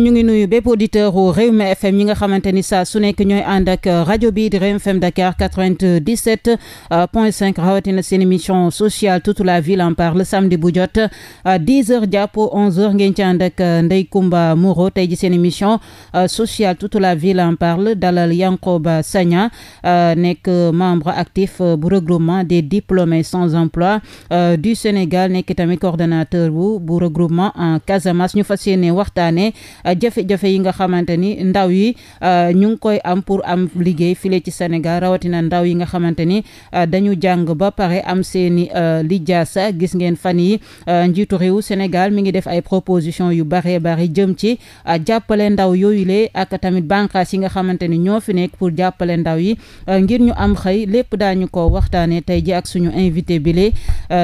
ñu ngi nuyu bépp auditeur u FM ñi nga xamante ni saa su nekk ñooy ànd ak rajo bi di Rewmi FM Dakar 97 euh, point 5 rawatina seen mission sociale toute la ville en parle samedi bu jot 10 euh, heures jàpp 11 heures ngeen ci ànd ak euh, Ndeye Comba Moreau tey ji seen mission sociale toute la ville en parle dalal Yankoba Sagna nekk membre actif bu regroupement des diplômés sans emploi du Sénégal nekk tamit coordonnateur bu bu regroupement en Casamance ñu fas yéene waxtaane jafe-jafe yi nga xamante ni ndaw yi euh, ñu ngi koy am pour am liggéey file ci Sénégal rawatina ndaw yi nga xamante ni euh, dañu jàng ba pare am seeni euh, lijaasa gis ngeen fan yi njiitu réew Sénégal mi ngi def ay proposition yu bare bari jëm ci jàppale ndaw yooyu yooyule ak tamit bànqaas yi nga xamante ni ñoo fi nekk pour jàppale ndaw yi ngir ñu am xëy lépp daañu ko waxtaane tey ji ak suñu invité bi le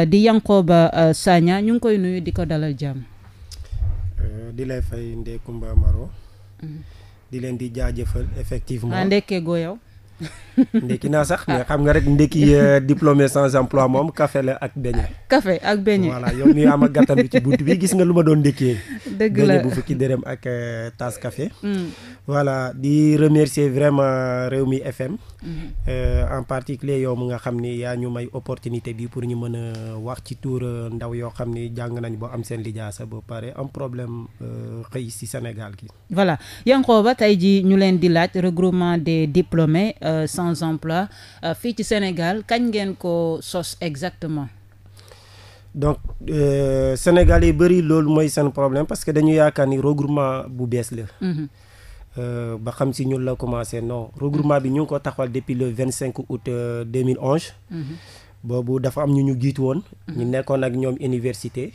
di Yankhoba Sagna ñu ngi koy nuyu di ko dalal jàmm Euh, di lay fay Ndeye Comba Moreau mm. di leen di jaajëfal effectivement. maa ndekkee goo yow. ndekki naa sax mais xam nga rek ndekki euh, diplômé sans emploi moom café la ak beñe café ak beñe voilà yow mi am ak gàttal bi ci bunt bi gis nga lu ma doon ndékkee dëgg la fukki dërëm ak euh, tasse café mm. voilà di remercier vraiment réew euh, Rewmi FM mm-hmm. en particulier yow mu nga xam ni yaa ñu may opportunité bi pour ñu mën a wax ci tuur ndaw yoo xam ni jàng nañ boo am seen lijaasa ba pare am problème xëy si Sénégal gi voilà Yankhoba tey ji ñu leen di laaj regroupement sans emploi euh, fii ci Sénégal kañ ngeen ko sos exactement donc euh, Sénégal yi bari loolu mooy seen problème parce que dañu yaakaar ni regroupement bu bees la mhm. euh, ba xam si ñun la commencé non regroupement bi ñu ngi ko taxawal depuis le vingt cinq août euh, deux mille mhm. boobu dafa am ñu ñu jiitu woon mhm. ñu nekkoon ak ñoom université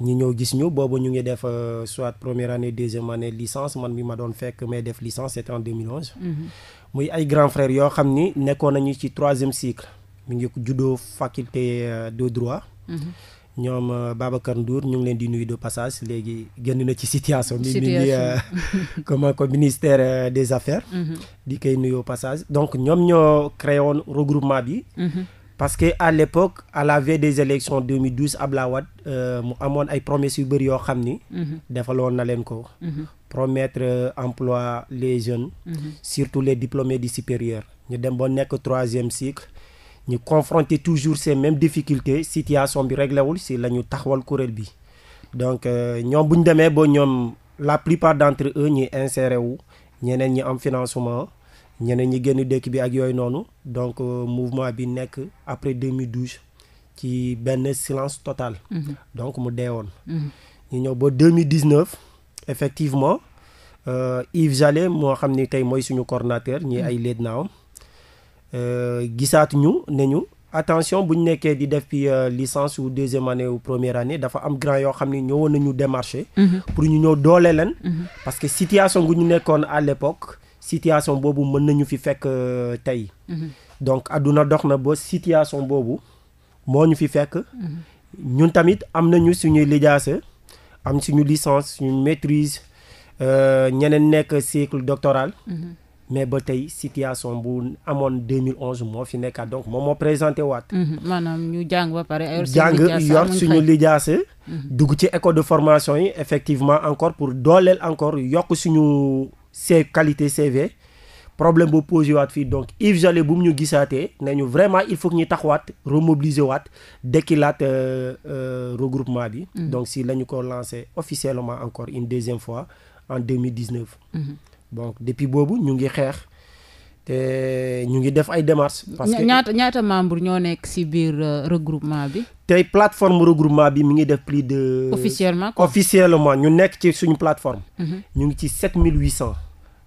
ñu ñëw gis ñu boobu ñu ngi def soit première année deuxième année licence man mi ma doon fekk may def licence c'était en 2011. Mm -hmm. muy ay grand frère yoo xam ni nekkoon nañu ci troisième cycle mu ngi juddoo faculté euh, de droit mhm. ñoom euh, Babacar Ndour ñu ngi leen di nuyu de passage léegi génn na ci situation bi mi ngi euh, comment que ministère des affaires mhm. di koy nuyu au passage donc ñoom ñoo créé woon regroupement bi mhm. parce que à l'époque à la veille des élections 2012 Ablaye Wade euh, mu amoon ay promesses yu bëri yoo xam ni. Mhm. defaloon na leen ko. Mhm. promettre euh, emploi les jeunes. Mhm. surtout les diplômés di supérieur. ñu dem ba nekk troisième sic ñu confronter toujours ces même difficultés situation bi réglé si la ñu taxawal kuréel bi donc euh, ñoom bu ñu demee ba ñoom la plupart d' entre eux ñuy inséré wu ñeneen ñi am financement. ñeneen ñi génn dëkk bi ak yooyu noonu donc euh, mouvement bi nekk après 2012 ci benn silence total. Mhm. donc mu dee woon. Mhm. ñu ñëw ba 2019 effectivement euh, Yves Jallet moo xam ni tey mooy suñu coordonnateur ñi ay mhm. lieutenant gisaat ñu ne ñu attention bu ñu nekkee di def bi euh, licence ou deuxième année ou première année dafa am grand yoo xam ni ñëwoon nañu démarché. pour ñu ñëw doole leen. parce que situation gu ñu nekkoon à l'époque situation boobu mën nañu fi fekk euh, tey. Mhm. donc àdduna dox na ba situation boobu moo ñu fi fekk. ñun tamit am nañu suñuy lijaasa am suñu licence suñu maîtrise euh, ñeneen nekk cycle doctoral. Mhm. mais ba tey situation bu amoon 2011 moo fi nekkaat donc moom moo présenté waat. Mhm. maanaam ñu jàng ba pare. jàng yor suñu lijaasa dugg ci école de formation yi effectivement encore pour dooleel encore yokk suñu qualité qualités CV problème bu posé waat fii donc Yves Jallet bu mu ñu gisaatee ne ñu vraiment il faut que ñu taxawaat remobiliser waat dekkilaat euh, euh, regroupement bi. Mm. donc si la ñu ko lancé officiellement encore une deuxième fois en 2019. Mm-hmm. donc depuis boobu ñu ngi xeex te ñu ngi def ay démarches. parce que ñaata ñaata membre ñoo nekk ci biir euh, regroupement bi. tey plateforme regroupement bi mu ngi def plus de. officiellement officiellement ñu nekk ci suñu plateforme. Mm-hmm. ñu ngi ci 7800.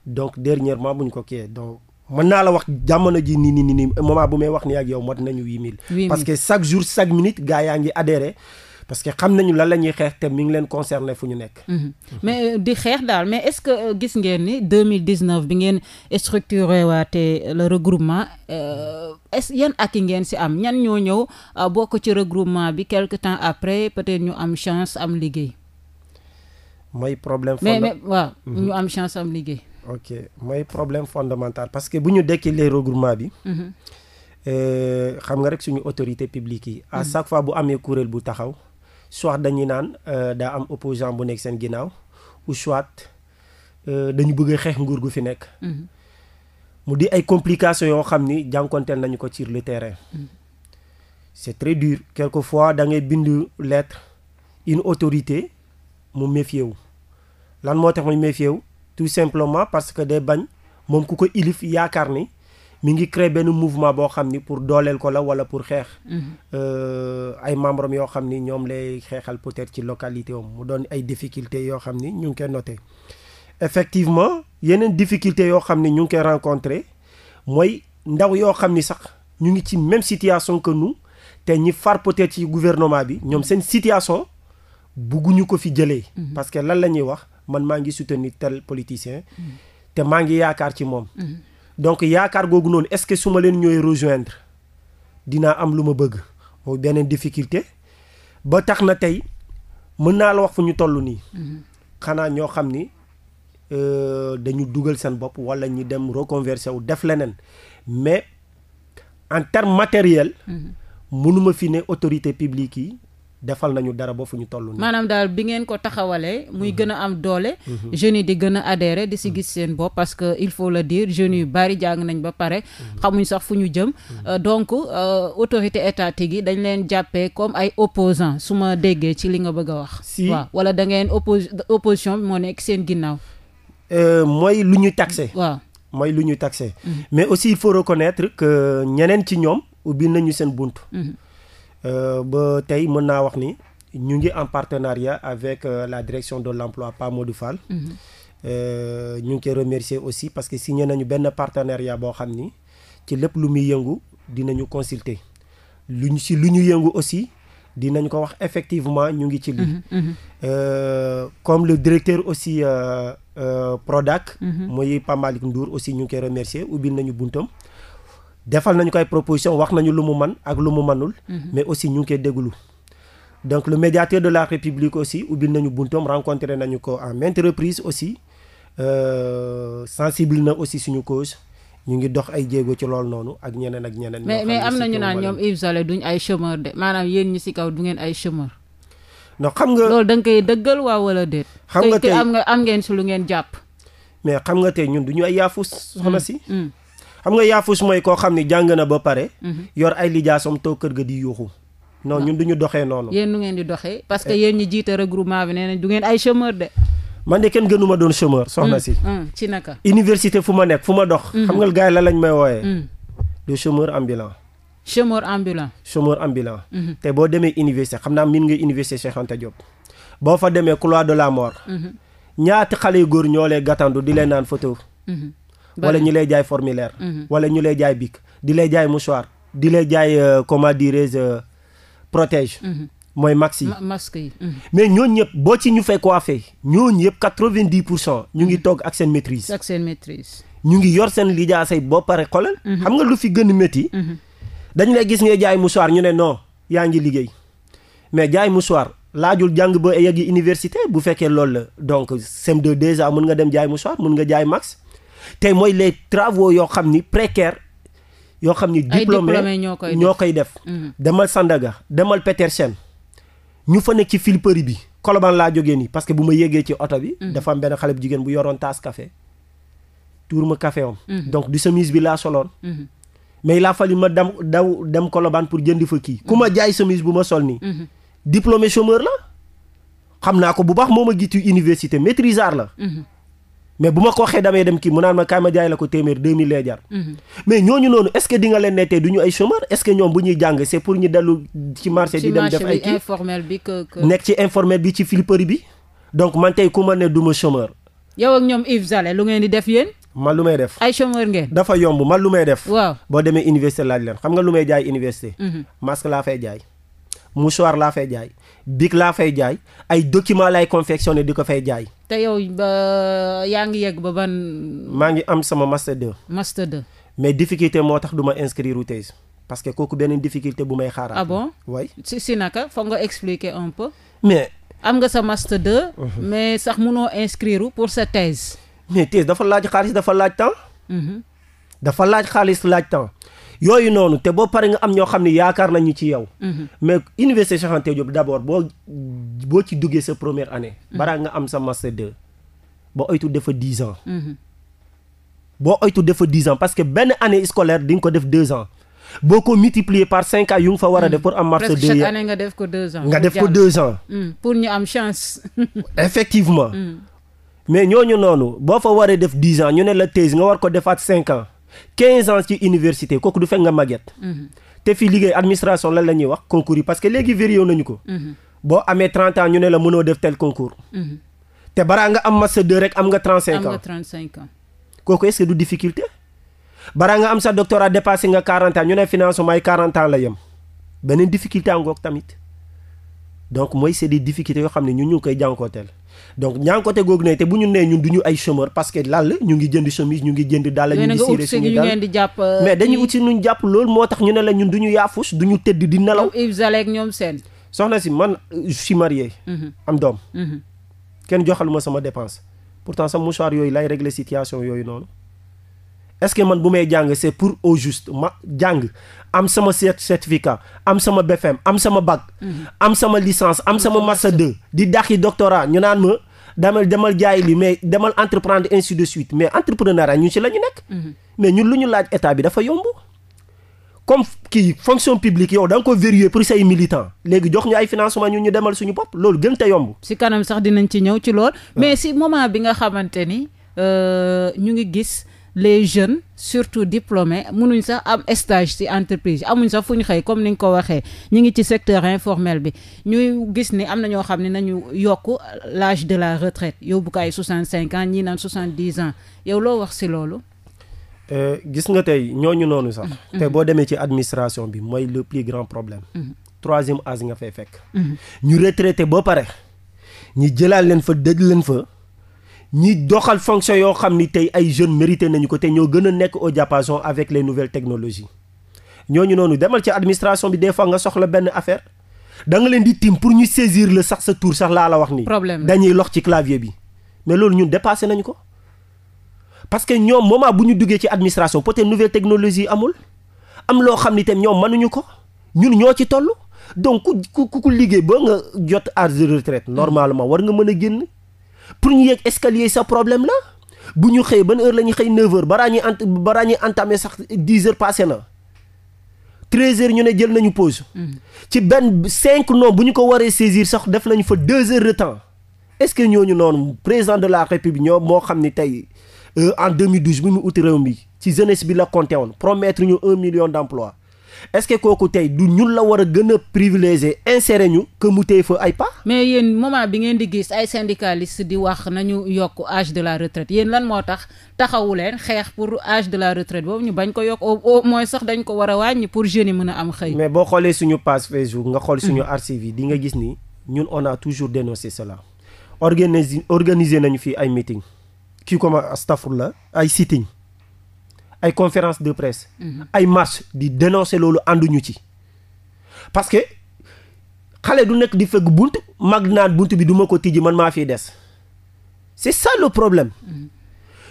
donc dernièrement buñ ko kiyee donc mën naa la wax jamono ji nii nii nii moment bu may wax ni ak yow mot nañu huit mille parce que chaque jour chaque minute gars yaa ngi adhéré parce que xam nañu lan la ñuy xeex te mi ngi leen concerné fu ñu nekk. Mhm. mais euh, di xeex daal mais est-ce que euh, gis ngeen ni 2019 bi ngeen structuré waate le regroupement euh, est yan ak yi ngeen si am ñan ñoo ñëw bokk ci regroupement bi quelque temps après peut-être ñu am chance am liggéey. mooy problème. mais mais mhm. ñu am chance liggéey. ok mooy problème fondamental parce que bu ñu dékkilee regroupement bi. Mhm. Eh, xam nga rek suñu autorité publique yi. à mhm. chaque fois bu amee kuréel bu taxaw. soit dañuy naan eh, daa am opposant bu nekk seen ginnaaw ou choit eh, dañu bëgg a xeex nguur gu fi nekk. Mhm. mu di ay complications yoo xam ni jànkonteel nañu ko sur le terrain. c'est très dur quelquefois da ngay bind lettre une autorité mu méfier wu lan moo tax mu méfier wu tout simplement parce que day bañ moom ku ko ilif yaakaar ni mu ngi créé benn mouvement boo xam ni pour dooleel ko la wala pour xeex mhm. euh, ay membres am yoo xam ni ñoom lay xeexal peut-être ci localité am mu doon ay difficultés yoo xam ni ñu ngi koy noté effectivement yeneen difficultés yoo xam ni ñu ngi koy rencontré mooy ndaw yoo xam ni sax ñu ngi ci même situation que nous te ñi far peut-être ci gouvernement bi ñoom seen situation bugguñu ko fi jëlee mhm. parce que lan la ñuy wax man maa ngi soutenir tel politicien mhm. te maa ngi yaakaar ci moom mhm. donc yaakaar googu noonu est-ce que su ma leen ñooy rejoindre dinaa am lu ma bëgg mooy beneen difficulté ba tax na tey mën naa la wax fu ñu toll nii mhm. xanaa ñoo xam ni euh, dañu dugal seen bopp wala ñu dem reconverser wu def leneen mais en terme matériel mënuma fi ne autorité publique yi defal nañu dara ba fu ñu toll nii. maanaam daal bi ngeen ko taxawalee. muy mhm. gën a am doole. Mhm. jeunes yi di gën a adhéré di si mhm. gis seen bopp parce que il faut le dire jeunes yu bari jàng nañ ba pare. xamuñ sax fu ñu jëm. Euh, donc euh, autorité état yi dañ leen jàppee comme ay opposants su ma déggee ci li nga bëgg a wax. si waaw wala da ngeen oppos opposition moo nekk seen ginnaaw. Euh, mooy lu ñu taxé. waa mooy lu ñuy taxé. mais aussi il faut reconnaître que ñeneen ci ñoom ubbi nañu seen bunt. Euh, ba tey mën naa wax ni ñu ngi en partenariat avec euh, la direction de l'emploi Pa Modou Fall mhm. euh, ñu ngi koy remercier aussi parce que signé nañu benn partenariat boo xam ni ci lépp lu muy yëngu dinañu consulter lu ñu si lu ñu yëngu aussi dinañ ko wax effectivement ñu ngi ci li mhm, mhm. comme le directeur aussi euh, euh, Prodac muy mm aussi ñu ngi koy remercier ubbi nañu buntam defal nañu koy proposition wax nañu lu mu man ak lu mu manul mhm. mais aussi ñu ngi koy déglu donc le médiateur de la république aussi ubbil nañu buntam rencontré nañu ko en maintes reprises aussi euh, sensible na aussi suñu cause ñu ngi dox ay jéego ci lool noonu ak ñeneen ak ñeneen. mais mais am na ñu naan ñoom Ives duñ ay chômeur de maanaam yéen ñi si kaw du ngeen ay chômeur. non xam nga loolu da nga koy dëggal waa wala déet. xam nga tey am nga am ngeen si lu ngeen jàpp. mais xam nga tey ñun du ñu ay yaafus. soxna mm, si. Mm. xam nga yaafus mooy koo xam ni jàng na ba pare. Mhm. yor ay lijaasam toog kër ga di yuuxu. non ñu du ñu doxee noonu. yéen nu ngeen di doxee parce que eh. yéen ñi jiite regroupement bi nee nañ du ngeen ay chômeur de. man de kenn gënuma doon chômeur. soxna mm, si mm, ci naka. université fu ma nekk fu ma dox. Mm. xam nga gars yi la lañ may wooyee. du chômeur ambulant. chômeur ambulant. chômeur ambulant. Mm-hmm. te boo demee université xam naa min nga université Cheikh Anta Diop. boo fa demee couloir de la mort. Mm-hmm. ñaati xale yu góor ñoo lay di leen naan photo. Mm-hmm. wala ñu lay jaay formulaire mhm. wala ñu lay jaay bikk di lay jaay mouchoir di lay jaay euh, comment dirais-je euh, protège mhm. mooy max yi masque yi mhm. mais ñooñ ñëpp boo ci ñu fay coiffé ñooñu ñëpp quatre-vingt-dix pour cent ñu ngi toog ak seen maîtrise ak seen maîtrise ñu ngi yor seen lijaasa say boo pare xam nga lu fi gën a dañ dañu lay gis ngay jaay mouchoir ñu ne noo yaa ngi liggéey mais jaay mouchoir laajul jàng ba yegg université bu fekkee loolu la donc sem de déjà mun nga dem jaay mouchoir mun nga jaay max te mooy les travaux yoo xam ni précaire yoo xam ni diplômé ñoo koy def mm-hmm. demal Sandaga demal Petersen ñu fa nekk ci Filipari bi Colobane laa jógee nii parce que bu ma yéegee ci oto bi mm-hmm. dafa am benn xale bu jigéen bu yoroon taas café tuur ma café am mm-hmm. donc du chemise bi laa soloon mais il fa fallu ma dem daw dem Colobane pour jënd fa kii ku ma jaay chemise bu ma sol nii diplômé chômeur la xam naa ko bu baax moo ma gitu université maîtrisard la mais bu ma ko waxee damay dem kii mu naan ma kaay ma jaay la ko téeméer 2000 lay jar. Mhm. mais ñooñu noonu est ce que di nga leen ne tey ay chômeur est ñoom bu ñuy jàng c' pour ñu dellu ci marché. di informel bi que nekk ci informel bi ci flipperie bi. donc man ku ma ne du ma yow ak ñoom Yves lu ngeen di def yéen. man lu may def ay chômeur ngeen. dafa yomb man lu may def. waaw boo demee université laaj leen xam nga lu may jaay université. Mhm. masque laa fay jaay. mouchoir laa fay jaay bic laa fay jaay ay document lay ne di ko fay jaay. te yow ba yaa ngi yegg ba ban. maa ngi am sama master de master 2. mais difficulté moo tax duma ma inscrire u tey parce que kooku beneen difficulté bu may xaaraat. ah bon waay si si naka foog nga expliquer un peu. mais. am nga sa master de mhm. mais sax noo inscrire pour sa thèse. mais thèse dafa laaj xaalis dafa laaj temps. Mhm. dafa laaj xaalis laaj temps. yooyu noonu te boo paree nga am ñoo xam ne yaakaar nañu ci yow. Mhm. mais université Cheikh Anta Diop d' abord boo boo ci duggee sa première année. Mhm. bara nga am sa master 2 ba oytu dafa dix ans. Mhm. boo oytu defa dix ans parce que benn année scolaire di nga ko def deux ans. boo ko multiplier par cinq ans yu nga fa war a def pour am marché deux chaque nga def ko deux ans. nga def ko deux ans. pour ñu am chance. effectivement. mais ñooñu noonu boo fa waree def dix ans ñu ne la thèse nga war ko defaat cinq ans. quinze ans ci université kooku du fekk nga màgget mhm. te fii liggéey administration lan la ñuy wax concours yi parce que léegi vérifié nañu ko mhm. boo amee trente ans ñu ne la mënoo def tel concours mhm. te baraa nga am master 2 rek am nga trente cinq ans cinq ans kooku est-ce du difficulté baraa nga am sa doctorat dépassé nga quarante ans ñu ne financement yi quarante ans la yem beneen difficulté ngoog tamit donc mooy c'est des yoo xam ne ñun ñu ngi koy jànkooteel donc ñaa côté googu ne te bu ñu nee ñun duñu ñu ay chômeur parce que lall ñu ngi jënd chemise ñu ngi jënd dàll ñu ngi siire suñu dàll mais dañuy ut si nuñ jàpp loolu moo tax ñu ne la ñun du ñu yaafus du ñu tëdd di nelaw ñoom seen soxna si man je suis mhm. am doom mhm. kenn joxaluma sama dépense pourtant sama mouchoir yooyu lay régler situation yooyu noonu est-ce que man bu may jàng c'est pour au juste ma jàng am sama certificat am sama BFM am sama bag mhm. am sama licence am sama master 2 di dàqi doctorat ñu naan ma demal demal jaay li mais demal entreprendre ainsi de suite mais entrepreneuriat ñun ci la ñu nekk mhm. mais ñun lu ñu laaj état bi dafa yomb comme kii fonction publique yow da nga pour say militant léegi jox ay financement ñun ñu demal suñu bopp loolu gën te yomb si kanam sax dinañ ci ñëw ci lool mais si moment bi nga xamante ni euh, ñu ngi gis les jeunes surtout diplômés mënuñ sax am estage ci entreprise amuñ sax fu ñu xëy comme ni nga ko waxee ñu ngi ci secteur informel bi ñuy gis ni am na ñoo xam ne nañu yokk lage de la retraite yóbbu ko ay soixante cinq ans naan soixante dix ans yow loo wax si loolu. Euh, gis nga tey ñooñu noonu sax. Mm-hmm. te boo demee ci administration bi mooy le plus grand problème. Mm-hmm. troisième âge nga fay fekk. Mm-hmm. ñu retraité ba pare ñu jëlaat leen fa dëj leen fa. ñi doxal fonction yoo xam ni tey ay jeunes mérité nañu ko te ñoo gën a nekk au diapason avec les nouvelles ñoo ñu noonu demal ci administration bi des fois nga soxla benn affaire danga leen di tim pour ñu saisir la sax sa tour sax laa la wax ni dañuy loxo ci clavier bi mais loolu ñun dépassé nañu ko parce que ñoom moment bu ñu duggee ci administration peut-être nouvelle technologie amul am loo xam ni tam ñoom mënuñu ko ñun ñoo ci toll donc ku ku liggéey ba nga jot âge de retraite war nga mën a génn pour ñu yéeg escalier sa problème la bu ñu xëy ban heure la ñuy xëy 9h baraa ñuy ent baraa ñuy entamé sax 10h passé na 13h ñu ne jël nañu pause. ci benn 5 non bu ñu ko waree saisir sax def nañu fa 2 heures de temps est-ce que ñooñu noonu président de la bi ñoo moo xam ni tey euh, en 2012 bi mu uti réew mi ci jeunesse bi la compté woon promettre ñu un million d'emplois est-ce que kooku tey du ñun la war a gën a privilégier insérer ñu que mu téye fa ay pas. mais yéen moment bi ngeen di gis ay syndicalistes di wax nañu yokk âge de la retraite yéen lan moo tax taxawu leen xeex pour âge de la retraite boobu ñu bañ ko yokk au moins sax dañ ko war a wàññi pour jeunes yi mën a am xëy. mais boo xoolee suñu page Facebook nga xool suñu archives yi nga gis ni ñun on a toujours dénoncé cela organiser organiser nañu fii ay meeting kii comme astafurla ay sitting ay conférence de presse. Mhm. ay marche di dénoncer loolu ànduñu ci. parce que xale du nekk di fëgg bunt mag naan bunt bi duma ko tijji man maa fi des c'est ça le problème. Mhm.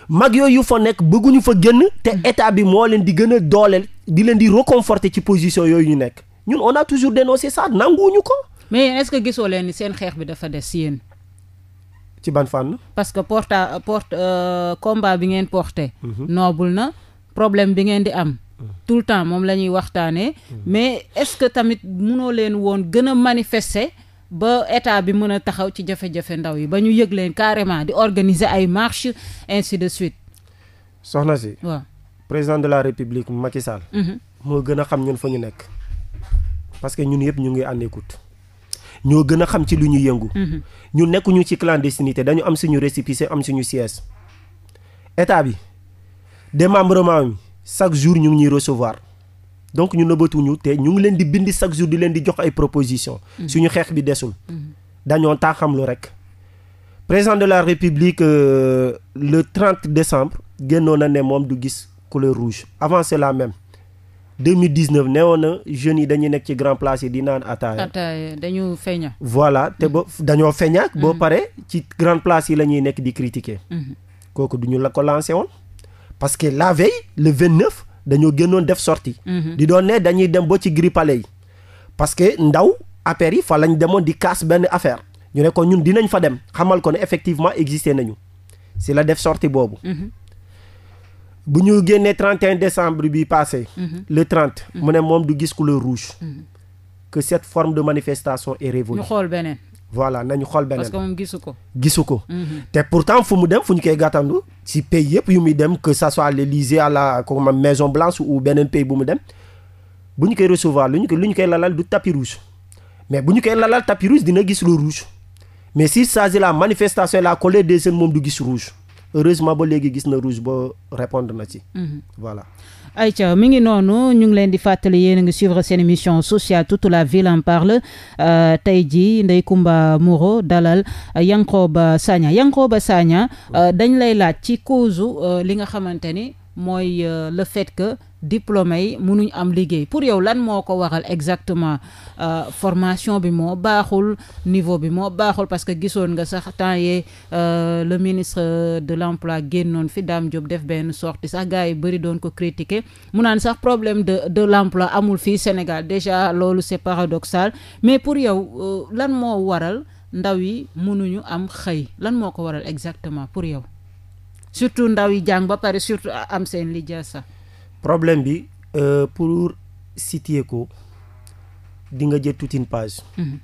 mag yooyu fa nekk bëgguñu fa génn te mhm. état bi moo leen di gën a dooleel di leen di réconforter ci position yooyu ñu nekk ñun on a toujours dénoncé ça nanguwuñu ko. mais est-ce que gisoo leen ni seen xeex bi dafa des yéen. ci ban fànn. parce que porta porte euh, combat bi ngeen porté. noobul na. problème bi ngeen di am mm. tout le temps moom la ñuy waxtaanee mm. mais est-ce que tamit munoo leen woon gën a manifester ba état bi mën a taxaw ci jafe-jafe ndaw yi ba ñu yëg leen carrément di organiser ay marches ainsi de suite soxna si waaw président de la république Macky Sall mm-hmm. moo gën a xam ñun fa ñu nekk parce que ñun yëpp ñu ngi en écoute ñoo gën a xam ci lu ñu yëngu mm-hmm. ñu nekkuñu ci clandestinité dañu am suñu récépissé am suñu siège état bi démembrement mi chaque jour ñu ngi ñuy recevoir donc ñu nëbbatuñu te ñu ngi leen di bind chaque jour di leen di jox ay proposition mm. suñu xeex bi desul mm. dañoo taaxamlu rek président de la république euh, le trente décembre génnoon na ne moom du gis couleur rouge avant cela même 2019 newoon na jeunes yi dañuy nekk ci grand place yi di naan ataaya. ataaya dañu feeña. voilà te ba mm. dañoo feeñaak. boo pare ci grand place yi la ñuy nekk di critiquer. Mm-hmm. kooku duñu ñu la ko lancé woon. parce que la veille le 29 dañoo génnoon def sortie mhm. di doon ne dañuy dem ba ci gris palais yi parce que ndaw affaire yi fa lañ demoon di kaas benn affaire ñu ne ko ñun dinañ fa dem xamal ko ne effectivement existé nañu si la def sorti boobu mhm. bu ñu génnee 31 décembre bi passé mhm. le 30 mu ne moom du gis couleur rouge que cette forme de manifestation est révolue ñu xool beneen voilà nañu xool beneen parce gisu ko. gisu ko mhm. te pourtant fu mu dem fu ñu koy gàttandu si pays yëpp yu muy dem que ça soit à l'Élysée à la comme Maison Blanche ou beneen pays bu mu dem bu ñu koy recevoir lu ñu koy lu ñu koy lalal du tapis rouge mais bu ñu koy lalal tapis rouge dina gis le rouge mais si ça c'est la manifestation et la colère des jeunes moom du gis rouge heureusement ba léegi gis na rouge ba répondre na ci. Mhm. voilà. ayca mi ngi noonu ñu ngi leen di fàttali yéen a ngi suivre seen émission sociale toute la ville en parle euh, tey jii Ndeye Comba Moreau dalal euh, Yankoba Sagna Yankoba Sagna euh, dañ lay laaj ci cause li nga xamante ni mooy le fait que diplômé yi mënuñ am liggéey pour yow lan moo ko waral exactement euh, formation bi moo baaxul niveau bi moo baaxul parce que gisoon nga sax temps yee euh, le ministre de l'emploi génnoon fi Dame Diop def benn sortie sax gars yi bëri doon ko critiquer mu naan sax problème de de l'emploi amul fii Sénégal déjà loolu c'est paradoxal mais pour yow euh, lan moo waral ndaw yi munuñu am xëy lan moo ko waral exactement pour yow surtout ndaw yi jàng ba pare surtout am seen lijaasa problème bi euh, pour situer ko di nga jël toute une page. Mhm.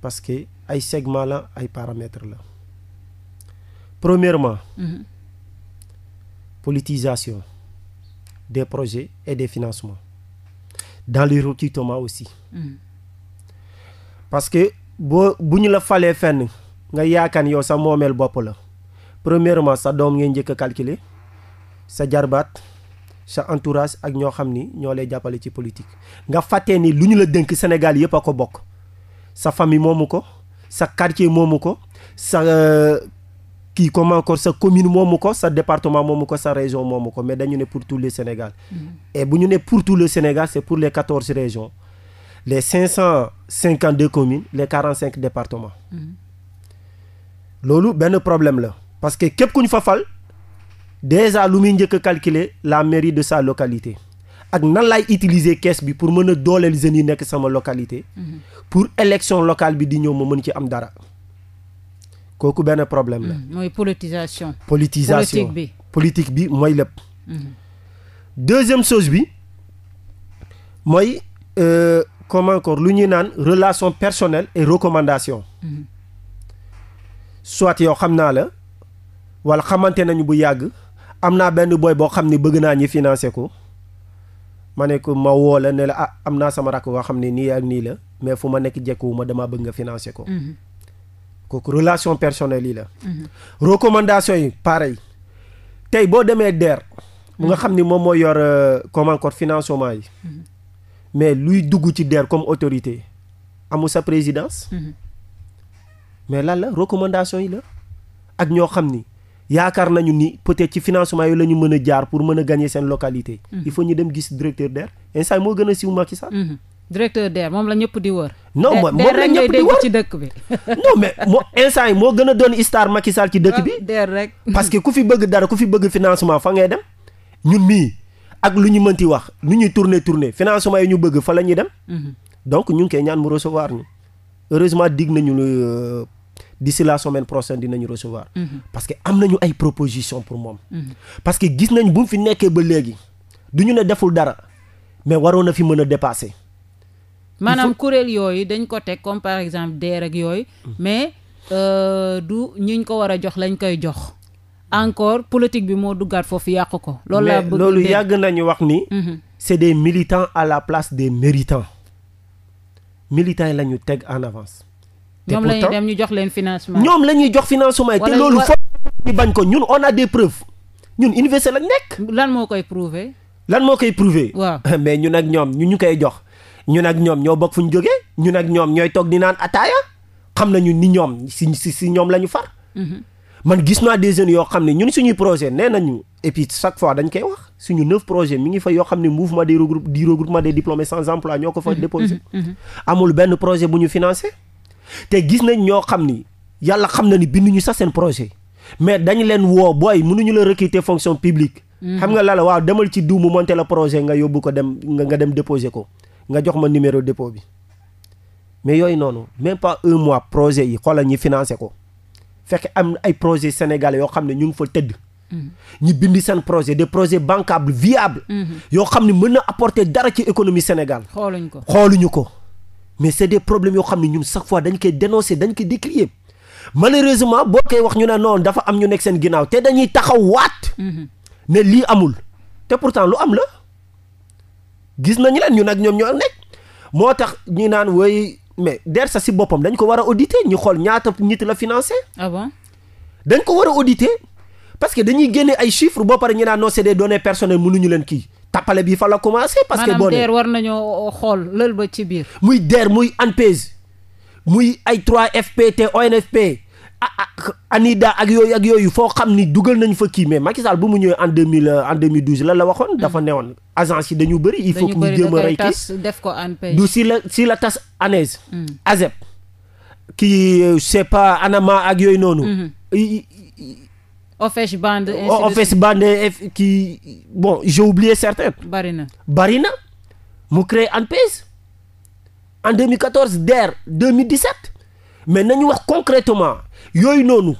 parce que ay segment la ay paramètres la. premièrement. Mhm. politisation des projet et des financement dans le recrutement aussi. Mhm. parce que boo bu ñu la falee fenn nga yaakaar yow sa moomeel bopp la premièrement sa doom ngeen njëkk a calculer sa jarbaat. sa entourage ak ñoo xam ni ñoo lay jàppale ci politique nga fàttee ni lu ñu la dénk Sénégal yëpp a ko bokk sa famille moomu ko sa quartier moomu ko sa euh, kii comment encore sa commune moomu ko sa département moomu ko sa région moomu ko mais dañu ne pour tout les Sénégal mmh. et bu ñu ne pour tout le Sénégal c'est pour les quatorze régions les cinq cent cinquante deux communes les quarante cinq département mm-hmm. loolu benn problème la parce que képp ku ñu déjà lu muy njëkk a calculer la mairie de sa localité ak nan laay utiliser caisse bi pour mën a dooleel jeunes yi nekk sama localité mhm. pour élection locale bi di ñëw ma mën ci am dara kooku benn problème la. Mhm. mooy politisation. politisation politique bi politique bi mooy lépp. Mhm. deuxième chose bi mooy euh, comme encore lu ñuy naan relation personnelle et recommandation. soit yoo xam naa la wala xamante nañu bu yàgg. am naa benn booy boo xam ni bëgg naa ñi financé ko ma ne ko ma woo la ne la ah am naa sama rakk boo xam ne nii ak nii la mais fu ma nekk jekkuwu ma damaa bëgg nga financé ko. Mhm. relation personnel yi la. Mhm. recommandation yi tey boo demee DER. nga mhm. xam ni moom moo yor euh, comme encore financement mais luy dugg ci DER comme autorité amul sa présidence. mais lan la recommandation yi la ak ñoo xam ni. yaakaar nañu ni peut ci financement yi la ñu mën a jaar pour mën a gagner seen localité. Mhm. il faut ñu dem gis directeur DER instant moo gën a siiw Macky Sall. Mhm. directeur DER moom la ñëpp di wër. no ñëpp di wër ci dëkk bi. mais moo instant yi moo gën a doon star Macky Sall ci dëkk ah, bi. DER rek. parce que ku fi bëgg dara ku fi bëgg financement fa ngay dem ñun mii ak lu ñu mënti wax lu ñuy tourner tourner financement yi ñu bëgg fa la ñuy dem. Mhm. donc ñu ngi koy ñaan mu recevoir ñu heureusement dig nañu euh, d'ici la semaine prochaine dinañu recevoir. Mhm. parce que am nañu ay proposition pour moom. Mhm. parce que gis nañ bu mu fi nekkee ba léegi du ñu ne deful dara mais waroon na fi mën a dépasser. maanaam kuréel yooyu dañ ko teg comme par exemple DER rek yooyu. Mm. mais euh, du ñiñ ko war a jox lañ koy jox. encore politique bi moo duggaat foofu yàqu ko. loolu laa bëgg loolu yàgg nañu wax ni. Mhm. c'est des militants à la place des méritants. militants yi la ñu teg en avance. te ñoom la ñuy dem jox leen financement. ñoom la ñuy jox financement te loolu foofu ñu ko ñun on a des preuves ñun université lañ nekk. lan moo koy prouver. lan moo koy prouver. waaw mais ñun ak ñoom ñu ñu koy jox. ñun ak ñoom ñoo bokk fu ñu jógee ñun ak ñoom ñooy toog di naan ataaya xam nañu ni ñoom si si si ñoom la ñu far. Mhm. man gis naa des jeunes yoo xam ne ñun suñuy projet nee nañu et puis chaque fois dañ koy wax suñu neuf projet mi ngi fa yoo xam ne mouvement des regroupe de regroupement des diplômés sans emploi ñoo ko fa mhm. déposé. Mhm. amul benn projet bu ñu financé. te gis nañ ñoo xam ni yàlla xam na ni binduñu sax seen projet mais dañ leen woo booy mënuñu la recruter fonction publique. Mm. xam nga la la waaw demal ci duumu monter la projet nga yóbbu ko dem nga dem déposer ko nga jox ma numéro dépôt bi mais yooyu noonu même pas un mois projet yi xoolal ñi financé ko fekk am ay projet sénégal yoo xam ne ñu ngi fa tëdd. Mm. ñu bind seen projet de projet bancables viables. Mm-hmm. yoo xam ne mën na apporter dara ci économie Sénégal. xooluñu ko xooluñu ko. mais c'est des problème yoo xam ne ñun chaque fois dañ koy dénoncer dañ koy décrier malheureusement boo koy wax ñu ne non dafa am ñu nekk seen ginnaaw te dañuy taxaw waat mhm. ne lii amul te pourtant lu am la gis nañu leen ñun ak ñoom ñoo moo tax ñu naan woy mais DERSA si boppam dañ ko war a auditer ñu xool ñaata nit la financé. ah bon dañ ko war a auditer parce que dañuy génne ay chiffres boo paree ñu naan non c'est des données personnelles mënuñu leen kii. tappale bi fa la commencé. parce que boo nee maanaam war nañoo xool lël ba ci biir. muy DER muy ANPEJ muy ay 3FPT ONFP. ANIDA ak yooyu ak yooyu foo xam ni dugal nañ fa kii mais Macky Sall bu mu ñëwee en deux mille en deux mille douze lan la waxoon. dafa hmm. newoon agence yi dañu bëri. il faut que ñu jéem a rey kii ko ANPEJ du si la si la tas ANEJ. Hmm. ASEP. kii euh, c'est pas ANAMA ak yooyu noonu. Hmm. Office band. Office band kii bon j'ai oublié certains. bari na bari na mu créé ANPEJ en 2014 DER 2017 mais nañu wax concrètement yooyu noonu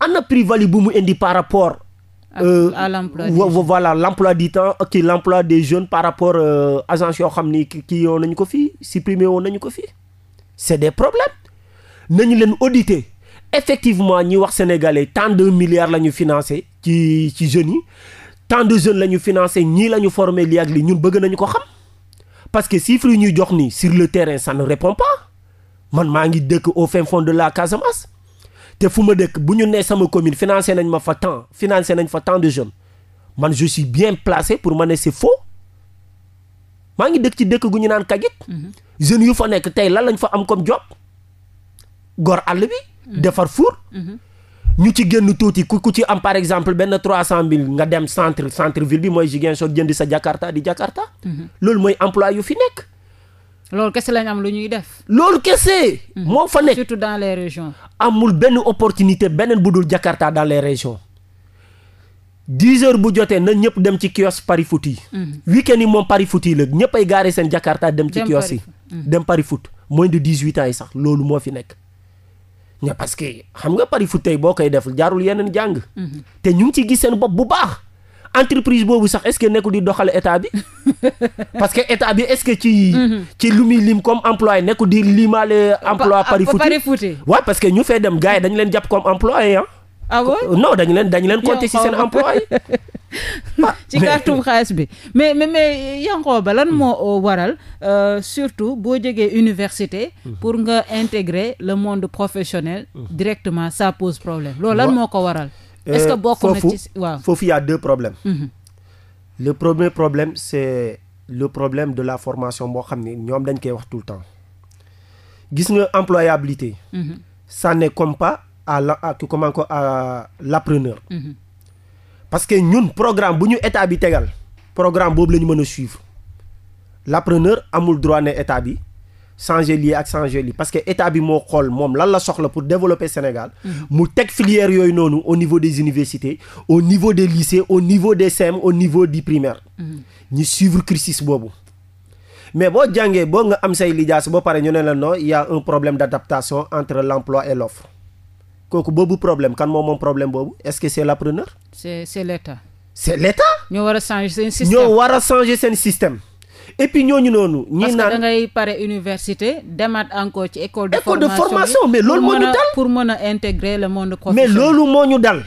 ana plus-value bu mu indi par rapport. Euh, à l'emploi voilà l'emploi du temps ki l'emploi des jeunes par rapport euh, agence yoo xam ni ki yoon nañu ko fii supprimer woon nañu ko fii c'est des problèmes nañu leen auditer. effectivement ñi wax sénégalais tant de milliards la ñu financé ci ci jeunes yi tant de jeunes la ñu financé ñii la ñu formé lii ak lii ñun bëgg nañu ko xam parce que chiffres yi ñuy jox nii sur le terrain ça ne répond pas man maa ngi dëkk au fin fond de la Casamance te fu ma dëkk bu ñu nee sama commune financé nañ ma fa tant financé nañ fa tant de jeunes man je suis bien placé pour ma ne c'est faux maa ngi dëkk ci dëkk gu ñu naan kagit mhm. jeunes yu fa nekk tey lan lañ fa am comme job gor àll Mm. defar four. Mm-hmm. ñu ci génn tuuti ku ku ci am par exemple benn trois cent mille nga dem centre centre ville bi mooy Ziguinchor jënd sa Jakarta di Jakarta. Mm-hmm. loolu mooy emploi yu fi nekk. loolu kese lañ am lu ñuy def. loolu kese. Mm-hmm. moo fa nekk surtout les régions. amul benn opportunité beneen bu dul Jakarta dans les régions. dix heures bu jotee na ñëpp dem ci kiosque pari foot yi. week yi moom pari foot yi la ñëpp ay gaare seen Jakarta dem. ci kiosque yi dem pari foot. moins de dix huit ans yi sax loolu moo fi nekk. mais parce xam nga pari foot tey boo koy def jaarul yeneen jàng. te ñu ngi ci gis seen bopp bu baax. entreprise boobu sax est-ce que nekkul di doxal état bi parce que état bi est-ce que ci. ci lu muy lim comme emploi nekkul di limaale. emploi pari foot yi waaw parce que ñu fee dem gars yi dañu leen jàpp comme employé ah. ah bon dañu leen dañu leen compter ci seen emploi yi ah, ci kàrtum xaalis bi mais mais mais ba lan hmm. moo euh, waral euh, surtout boo jegee université hmm. pour nga intégrer le monde professionnel hmm. directement ça pose problème loolu lan moo ko waral euh, est bokk na ci waaw foofu y a deux problèmes le problème c'est le problème de la formation boo xam ni ñoom dañ koy wax tout le temps gis nga employabilité ça ne à la à comment ko à mhm. parce que ñun programme bu ñu état bi tegal programme boobu la ñu mën a suivre l'appreneur amul droit ne état bi changer lii ak changer lii parce que état bi moo xool moom lan la soxla pour développer Sénégal mhm. mu teg filière yooyu noonu au niveau des universités au niveau des lycées au niveau des CEM au niveau du primaire mhm. ñu suivre crisis boobu mais boo jàngee boo nga am say lijaas ba pare ñu ne la non il un problème d'adaptation entre l'emploi et l'offre kooku boobu problème kan moom moom problème boobu est-ce que c'est l'appreneur c'est c'est l'État c'est l'État ñoo war a changer seen système ñoo war a seen système et puis ñooñu noonu ñi naan parce que da ngay pare université demaat encore ci école de école de formation mais loolu moo ñu dal pour mën a intégrer le monde professionnel mais loolu moo ñu dal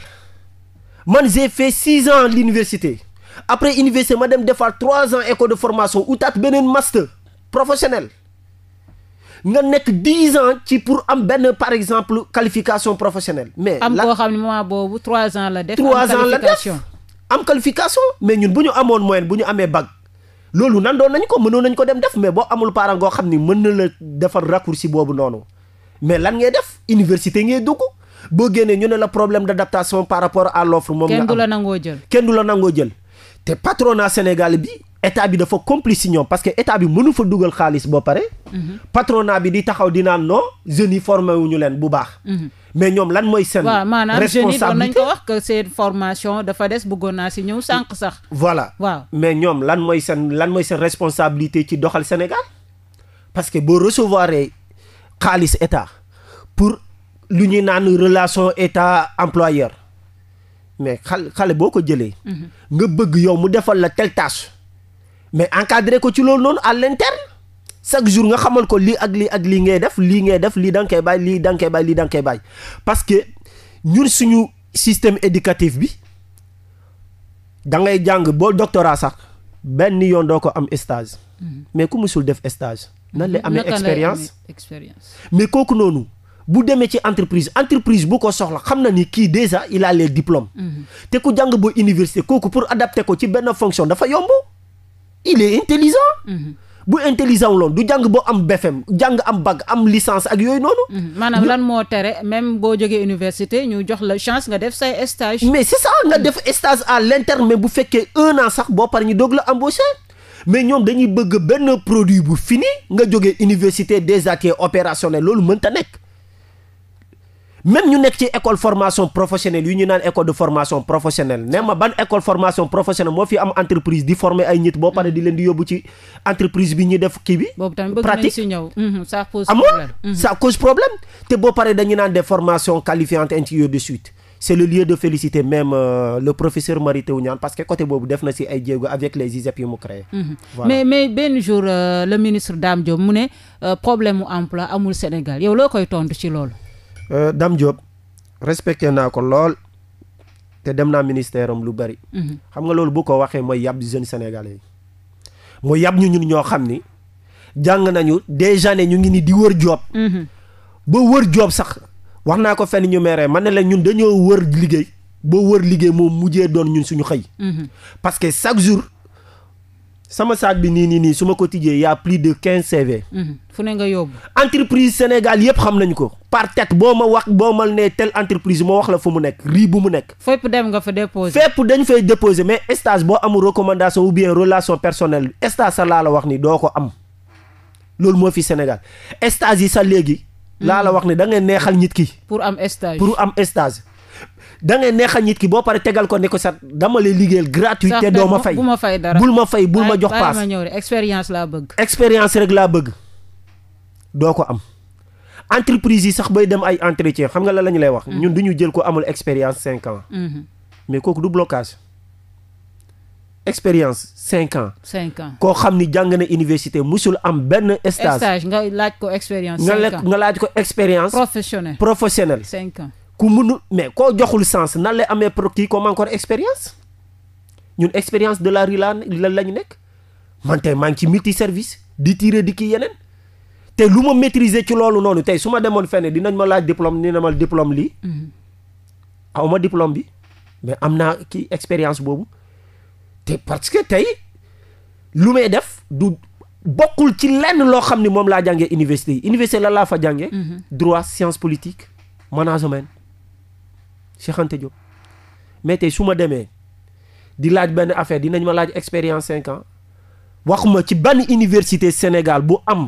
man j'ai fait six ans l'université après université ma dem defar trois ans école de formation utaat beneen master professionnel nga nekk dix ans ci pour am benn par exemple qualification professionnelle. mais am koo xam ne moment boobu trois ans la def. trois ans la def am qualification. mais ñun bu ñu amoon moyen bu ñu amee bag loolu nandoon nañ ko mënoon nañ ko dem def mais boo amul parent goo xam ni mën na la defar raccourci boobu noonu mais lan ngay def université ngay dugg. boo génnee ñu ne la problème d'adaptation par rapport à l'offre moom nga am kenn du la nangoo jël kenn du la nangoo te patronat Sénégal bi état bi dafa complice ñoom parce que état bi mënu fa dugal xaalis boo pare. Mhm. patronat bi di taxaw di naan non jeunes yi formé wuñu leen bu baax. Mhm. mais ñoom lan mooy seen. responsabilité waaw maanaam nañ ko wax que seen formation dafa des bëggoon naa si ñëw sànq sax. voilà waaw mais ñoom lan mooy seen lan mooy seen responsabilité ci doxal Sénégal parce que boo recevoir xaalis état pour lu ñuy naan relation état employeur mais xale xale boo ko jëlee. Mhm. nga bëgg yow mu defal la telle tâche. mais encadré ko ci loolu noonu à l'interne chaque jour nga xamal ko lii ak lii ak lii ngay def lii ngay def lii da nga koy bàyyi lii da nga koy bàyyi lii da koy bàyyi parce que ñun suñu système éducatif bi da ngay jàng boo doctorat sax benn yoon doo ko am estage mm-hmm. mais ku musul def estage nan lay mm-hmm. amee expérience mais kooku noonu bu demee ci entreprise entreprise bu ko soxla xam na ni kii déjà il a les diplômes mm-hmm. te ku jàng boo université kooku pour adapter ko ci benn fonction dafa yomb il est intelligent mhm. bu intelligent loon du jàng boo am BFM jàng am bac am licence ak yooyu noonu mhm. maanaam lan moo tere même boo jógee université ñu jox la chance nga def say stage mais c'est ça nga mhm. def estage à l'interne mais bu fekkee un an sax boo pare ñu doog la am boo embauché mais ñoom dañuy bëgg benn produit bu fini nga jógee université des déjà opérationnel loolu mënta nekk même ñu nekk ci école formation professionnelle yu ñu naan école de formation professionnelle ne ma ban école formation professionnelle moo fi am entreprise di former ay nit boo paree di leen di yóbbu ci entreprise bi ñuy def kii bi. pratique mhm, ah boobu mhm. ça cause problème boo paree dañu naan des formation qualifiantes ainsi de suite. c' le lieu de féliciter même euh, le professeur Mary Teuw Niane parce que côté boobu def na si ay jéego avec les ISEP yu mu créé. Mhm. mais mais benn jour euh, le ministre Dame Diop mu ne euh, amul Sénégal yow loo koy tontu ci loolu. Euh, Dame joob respecté naa ko lool te dem naa ministère am lu bari. Mhm. xam nga loolu bu ko waxee mooy yàb jeune sénégalais yi. mooy yàb ñu ñun ñoo xam ni jàng nañu déjà ne ñu ngi nii di wër job. Mhm. ba wër job sax wax naa ko fen ñu meree man ne la ñun dañoo wër liggéey. boo wër liggéey moom mujjee doon ñun suñu xëy. Mhm. parce chaque jour. sama saak bi nii nii nii su ma ko tijjee y' a plus de quinze CV. Mhm. fu ne nga yóbbu. entreprise Sénégal yëpp xam nañu ko. par tête boo ma wax boo ma nee tel entreprise moo wax la fu mu nekk rii bu mu nekk. fépp dem nga fa déposer. fépp dañ fay déposé mais stage boo amul recommandation ou bien relation personnelle stage sa laa la wax ni doo ko am loolu moo fi Sénégal stage yi sax léegi. laa la mhm. wax ni da ngay neexal nit ki. pour am stage pour am estage da ngay neexal nit ki boo paree tegal ko ne ko sax dama lay liggéeyal gratuit te doo ma fay bul ma fay dara bul ma fay bul ma jox paas ma ñëw expérience laa bëgg. expérience rek laa bëgg doo ko am entreprise yi sax bay dem ay entretien xam nga la la ñu lay wax. Mm-hmm. ñun duñu jël ko amul expérience cinq ans. Mm-hmm. mais kooku du blocage. cinq ans. cinq koo xam ni jàng na université musul am benn stage. nga laaj ko expérience. cinq ans nga laaj ko expérience. professionnel professionnel. cinq ku mënu mais koo joxul sens nan lay amee pro kii comme encore expérience ñun expérience de la rue la la ñu nekk man tey maa ngi ci multi service di tirer di kii yeneen te lu ma maîtriser ci loolu noonu tey su ma demoon fenn dinañ ma laaj diplôme ni na ma diplôme lii mm-hmm. aw ma diplôme bi mais am naa kii expérience boobu te parce que tey lu may def du bokkul ci lenn loo xam ni moom laa jàngee université yi université la laa fa jàngee mm-hmm. droit science politique management Cheikh Anta Diop mais tey su ma demee di laaj benn affaire dinañ ma laaj expérience cinq ans waxuma ci ban université Sénégal bu am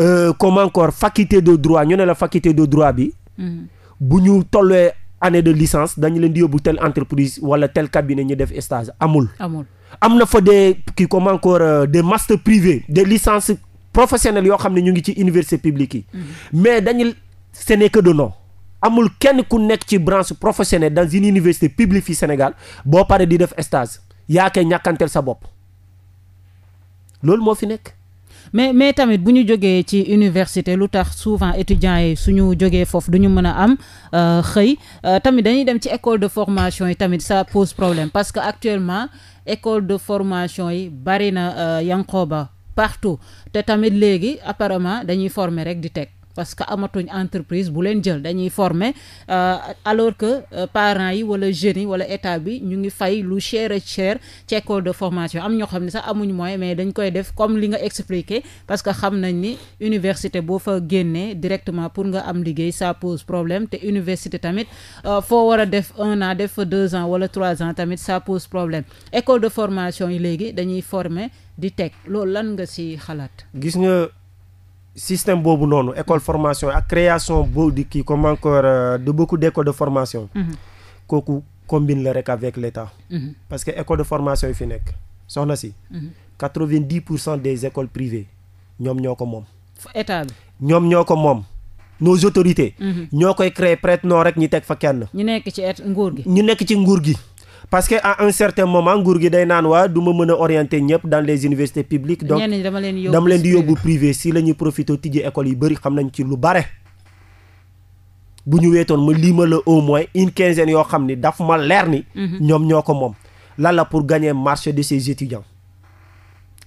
euh, comme encore faculté de droit ñu ne la faculté de droit bi. Mm-hmm. bu ñu tollee année de licence dañu leen di yóbbu telle entreprise wala tel cabinet ñu def stage amul. amul am na fa des kii comme encore euh, des masters privés des licences professionnelles yoo xam ne ñu ngi ci université publique yi. Mm-hmm. mais dañu ce que de nom. amul kenn ku nekk ci branche professionnelle dans une université publique fii Sénégal boo paree di def stage yaa koy ñàkkanteel sa bopp loolu moo fi nekk. mais mais tamit bu ñu jógee ci université lu tax souvent étudiants yi suñu jógee foofu du ñu mën a am euh, xëy euh, tamit dañuy dem ci école de formation yi tamit ça pose problème parce que actuellement école de formation yi bari na euh, ba partout te tamit léegi apparemment dañuy former rek di teg. parce que amatuñ entreprise bu leen jël dañuy former euh, alors que euh, parent yi wala jeunes yi wala état bi ñu ngi fay lu cher et cher ci école de formation am ñoo xam ne sax amuñ moyen mais dañ koy def comme li nga expliqué parce que xam nañ ni université boo fa génnee directement pour nga am liggéey ça pose problème te université tamit euh, foo war a def un an def fa deux ans wala trois ans tamit ça pose problème école de formation yi léegi dañuy former di teg loolu lan nga ci xalaat. système boobu noonu école formation ak création boobu di kii comme encore euh, de beaucoup d'écoles de formation mhm. kooku combine la rek avec l'État mhm. parce que école de formation yi fi nekk soxna si mhm. quatre-vingt-dix pour cent des écoles privées ñoom ñoo ko moom état bi ñoom ñoo ko moom nos autorités ñoo koy créer prête non rek ñi teg fa kenn ñu nekk ci nguur gi parce que à un certain moment nguur gi day naan waa du ma mën a orienter ñëpp dans les universités publiques donc dama leen di yóbbu privé si la ñuy profité tijji école yu bëri xam nañ ci lu bare bu ñu weetoon ma lii ma la au moins une quinzaine yoo xam ni daf ma leer ni mhm. ñoom ñoo ko moom lan la pour gagner marché de ces étudiants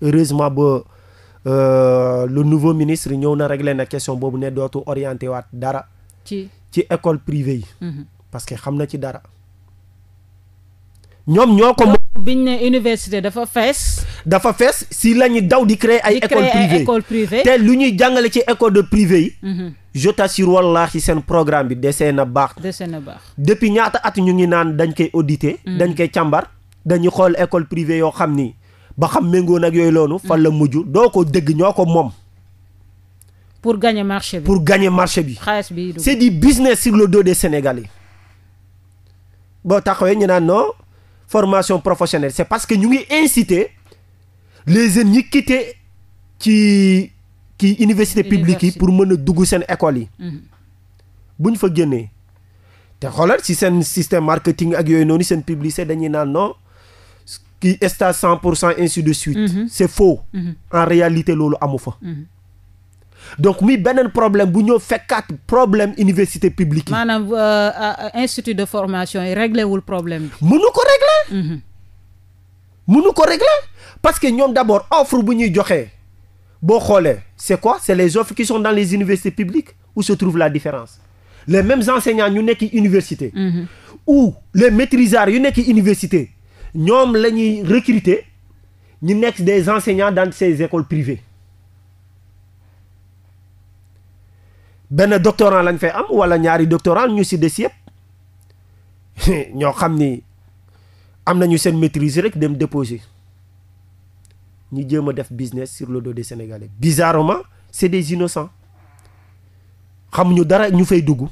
heureusement ba lu euh, le nouveau ministre ñëw na régler na question boobu ne dootu orienté waat dara ci ci école privée yi mhm. parce que ñoom ñoo ko moom. biñ ne université dafa fees. dafa fees si la ñu daw di créer ay. école privée te lu ñuy jàngale ci école de privé yi. Mhm. je t'assure wallaahi seen programme bi desee na baax. desee na depuis ñaata at ñu ngi naan dañ koy audité mhm. dañ koy càmbar dañuy xool école privée yoo xam ni ba xam méngoo nag yooyu loonu fan la mhm. mujj doo ko dégg ñoo ko moom. pour gagner marché bi pour gagner marché bi. xaalis bi c'est du business sur le dos des Sénégalais boo taxawee ñu naan non. formation professionnelle c'est parce que ñu ngi inciter les jeunes ñi quitter ci ci université publique yi pour mën a dugg seen école yi mhm. bu ñu fa génnee te xoolal si seen système marketing ak yooyu noonu seen publicité dañuy naan non kii stage cent pour cent ainsi de suite mm c'est faux mhm. en réalité loolu amu fa mhm. donc muy beneen problème bu ñëw fekkaat problème université publique yi. maanaam euh, euh, institut de formation yi réglé wul problème bi. mënu ko réglé. mënu mhm. ko réglé parce que ñoom d' abord offre bu ñuy joxe boo xoolee c' est quoi c' est les offres qui sont dans les universités publiques où se trouve la différence les mêmes enseignants ñu nekk université. Mmh. ou les maîtrisards yu nekk université ñoom la ñuy recruter ñu nekk des enseignants dans ces écoles privées. benn doctorant lañ fay am wala ñaari doctorant ñu si des yëpp ñoo xam ni am nañu seen maîtrise rek dem déposé ñu jéem a def business sur le dos des Sénégalais bizarrement c'est des innocents xamuñu dara ñu fay dugg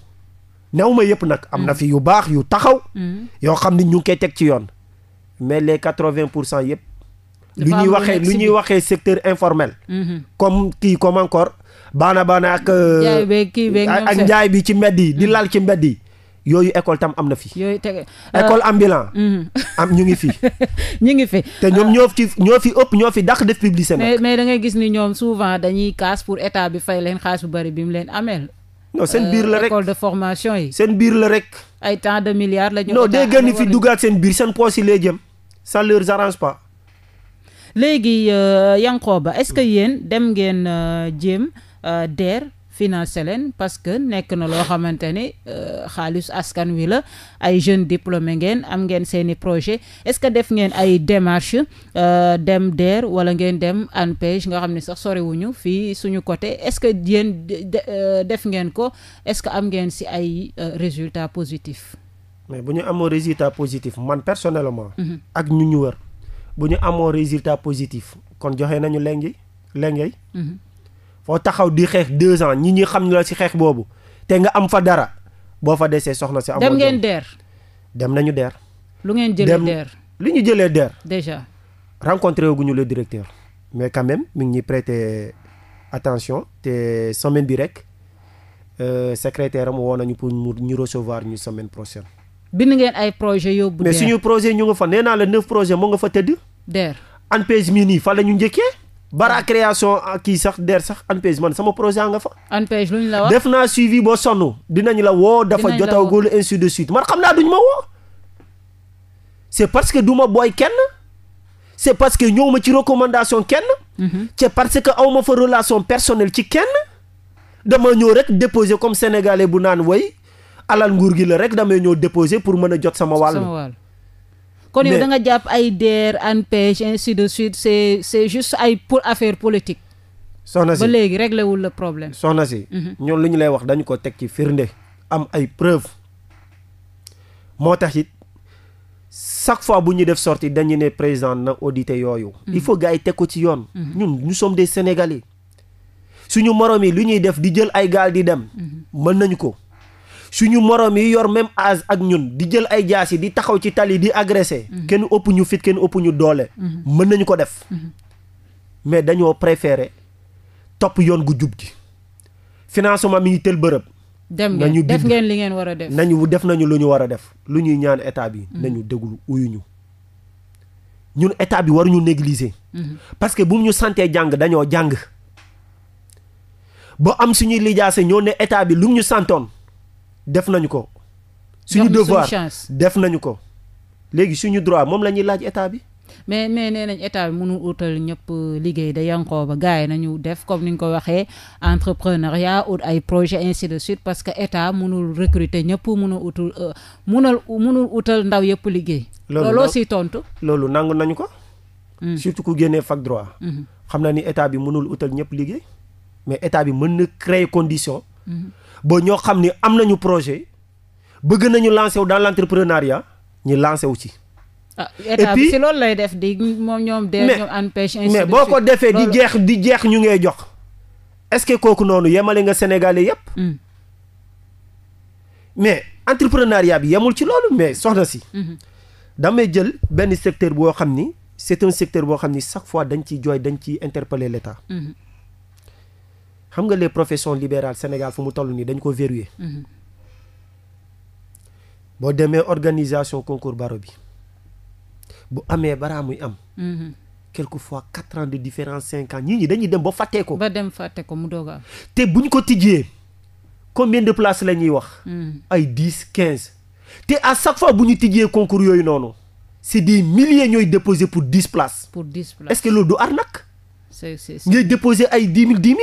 new ma yëpp nag am na mm. fi yu baax yu taxaw mm. yoo xam ni ñu ngi koy teg ci yoon mais les quatre-vingt pour cent yëpp lu ñuy waxee lu ñuy waxee secteur informel mm-hmm. comme kii comme encore baana baana ak. Euh, ak njaay bi ci mbedd yi di mm. lal ci mbedd yi. yooyu école tam am na fi. yooyu tege euh, école ambulant. Mm-hmm. am ñu ngi fi. ñu ngi fi te ñoom euh, ñoo fi ñoo fi ëpp ñoo fi dax def publicité mais mais da ngay gis ni ñoom souvent dañuy kaas pour état bi fay leen xaalis bu bari bi mu leen ameel. non seen biir la rek école yi. seen biir la rek. ay temps de milliards la ñu. non dégg nga ni fi duggaat seen biir seen poche yi lay jëm. ça leur arrange pas. léegi Yankhoba est-ce que yéen dem ngeen jéem. Euh, DER financé leen parce que nekk na loo xamante ne euh, xaalis askan wi la ay jeunes diplômés ngeen am ngeen seeni projet est-ce que def ngeen ay démarche euh, dem DER wala ngeen dem ANPEJ nga xam ne sax sorewuñu fii suñu côté est-ce que yéen def ngeen ko est-ce que am ngeen si ay résultat positif mais bu ñu amoo résultat positif man personnellement mhm. ak ñu ñu wër bu ñu amoo résultat positif kon joxe nañu lengi lengay mhm. foo taxaw di xeex deux ans ñi ñi xam la si xeex boobu te nga am fa dara boo fa desee soxna si. amoo dem ngeen deer dem nañu deer lu ngeen jëlee deer li ñu jëlee deer déjà rencontré wu ñu le directeur. mais qua même mi ngi ñuy prêter attention te semaine bi rek euh, secrétaire am woo nañu pour ñu recevoir ñu semaine prochaine. bind ngeen ay projet yóbbu. mais suñu projet ñu nga fa nee naa la neuf projet moo nga fa tëdd. DER ANPEJ mii nii fa la ñu njëkkee. bara création kii sax der sax ANPEJ man sama projet nga fa. ANPEJ def naa suivi boo sonn dinañ la woo. dafa jotagul ainsi de suite man xam naa duñ ma woo. c' est parce que du ma booy kenn. c' parce que ñëw ma ci recommandation kenn. Mhm. c' parce que aw ma fa relation personnelle ci kenn. dama ñëw rek déposer comme sénégalais bu naan way alal nguur gi la rek damay ñëw déposer pour mën a jot sama wàll. kon yow da nga jàpp ay DER ANPEJ ainsi de suite c' est juste ay pour affaire politique. soxna si ba léegi réglé wul le problème. soxna si. Mhm. ñoom lu ñu lay wax dañu ko teg ci firnde. am ay preuve moo tax it chaque fois bu ñuy def sorti dañu ne président na audité yooyu. Mhm. il faut gars yi teg ko ci yoon. Mhm. ñun nous sommes des sénégalais. suñu morom yi lu ñuy def di jël ay gaal di dem. mën nañu ko. suñu moroom yi yor même âge ak ñun di jël ay jaas yi di taxaw ci tali di agressé. Mhm. kenn ëpp ñu fit kenn ëpp ñu doole. Mhm. mën nañu ko def. Mhm. mais dañoo préféré topp yoon gu jub gi financement mi ngi tël bërëb. dem ngeen def ngeen li ngeen war a def nañu def nañu lu ñu war a def lu ñuy ñaan état bi. nañu uyu ñu ñun état bi waruñu négliger. parce que bu ñu santee jàng dañoo jàng. ba am suñuy lijaase ñoo ne état bi lu ñu santoon. def nañu ko. suñu devoir def nañu ko. léegi suñu droit moom la ñuy laaj état bi. mais mais nee nañ état bi mënul utal ñëpp euh, liggéey da yankoo ba gars yi nañu def comme ni nga ko waxee entrepreneuriat ut ay projet ainsi de suite parce que état munul recruter ñëpp mënul utul euh, mënul mënul utal ndaw yëpp liggéey. loolu loo tontu. loolu nangu nañu ko. Hmm. surtout ku génnee fac droit. Hmm. xam na ni état bi mënul utal ñëpp liggéey. mais état bi mën na créer condition. Hmm. ba ñoo xam ni am nañu projet bëgg nañu lancer wu dans l'entrepreneuriat ñu lancer wu ci. ah bi si loolu lay def di moom ñoom. de ñoom empêche mais boo ko defee di jeex di jeex ñu ngay jox. est-ce que kooku noonu yemale nga Sénégalais yépp mm. mais entrepreneuriat bi yemul ci loolu mais soxna si. Mm damay jël benn secteur boo xam ni c'est un secteur boo xam ni chaque fois dañ ciy jooy dañ ciy interpeller l'État. Hmm. xam nga les profession libérales Sénégal fu mu toll nii dañ ko verrouillé. Mhm. boo demee organisation concours baro bi bu amee baraa muy am. Mhm. quelquefois quatre ans de différence cinq ans ñii ñi dañuy dem ba fàttee ko. ba dem fàtte ko mu doog am. te bu ñu ko tijjee combien de place la ñuy wax. Mhm. ay dix quinze. te à chaque fois bu ñu tijjee concours yooyu noonu c'est des milliers ñooy déposé pour dix place pour dix places est-ce que loolu du arnaque. c'est ngay déposé ay dix mille dix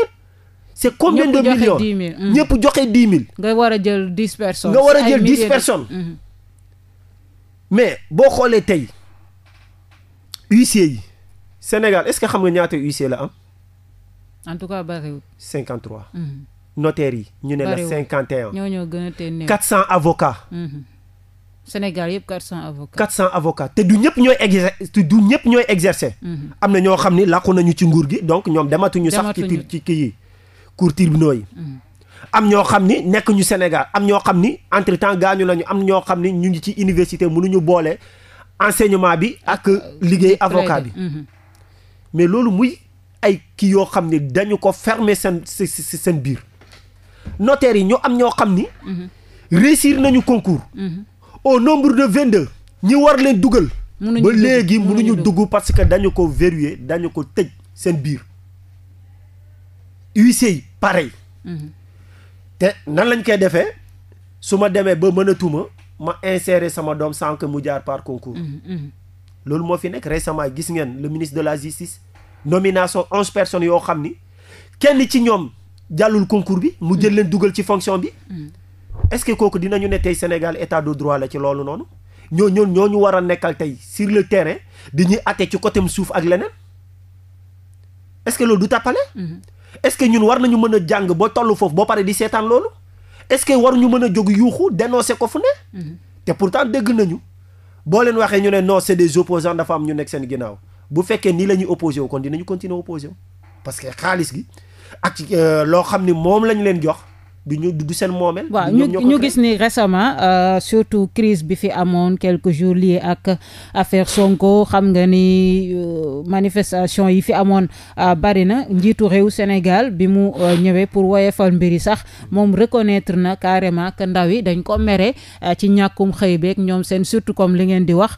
c' est combien de millions mm. ñëpp joxe dix mille nga war a jël dix personnes nga war a jël dix personnes mm-hmm. mais boo xoolee tey huissier yi Sénégal est ce que xam nga ñaata huissier la am en tout cas bariwul cinquante trois mm-hmm. notaire yi ñu ne la cinquante et un ñoo ñoo gën a tee néew quatre cent avocats mm-hmm. Sénégal yëpp 400 avocats 400 avocats te du ñëpp ñooy exer te du ñëpp ñooy exercer. am na ñoo xam ni làqu nañu ci nguur gi donc ñoom dematuñu sax. ci ci kii yi. cour tribunaux yi. Mm. am ñoo xam ni nekk ñu Sénégal am ñoo xam ni entre gaañu nañu am ñoo xam ni ñu ngi ci université mënuñu boole enseignement bi ak ah, liggéey avocat bi. Mm-hmm. mais loolu muy ay kii yoo xam ni dañu ko fermer seen seen biir notaire yi ñoo am ñoo xam ni. Mm-hmm. réussir nañu concours. Mm-hmm. au nombre de vingt deux ñi war leen dugal. ba léegi mënuñu dugg parce que dañu ko verrouiller dañu ko tëj seen biir. huissier yi pareil. Mhm. te nan lañ koy defee su ma demee ba mënatuma ma insérer sama doom sans mu jaar par concours. Mhm, mhm. loolu moo fi nekk récemment gis ngeen le ministre de la justice nomination onze personnes yoo xam ni kenn ci ñoom jàllul concours bi. mu jël leen dugal ci fonction bi. est-ce que kooku dinañu ne tey Sénégal état de droit la ci loolu noonu ñoo ñoo ñoo ñu war a nekkal tey sur le terrain di ñuy àtte ci côté suuf ak leneen est loolu du tàppale. est-ce que ñun war nañu mën a jàng ba toll foofu ba pare di seetaan loolu est-ce que ñu mën a jóg yuuxu dénoncer ko fu ne. Mm-hmm. te pourtant dégg nañu boo leen waxee ñu ne non c'est des opposants dafa am ñu nekk seen ginnaaw bu fekkee nii la ñuy wu kon dinañu continuer opposé wu parce que xaalis gi ak euh, loo xam ni moom lañu leen jox. du ñu du seen moomeel. waaw ñu ñu gis ni récemment euh, surtout crise bi fi amoon quelque jours liés ak affaire Sonko xam nga ni euh, manifestation yi fi amoon euh, bari na njiitu réew Sénégal bi mu ñëwee pour woyefal mbiri sax moom reconnaître na carrément que ndaw yi dañ ko mere ci ñàkkum xëy beeg ñoom seen surtout comme li ngeen di wax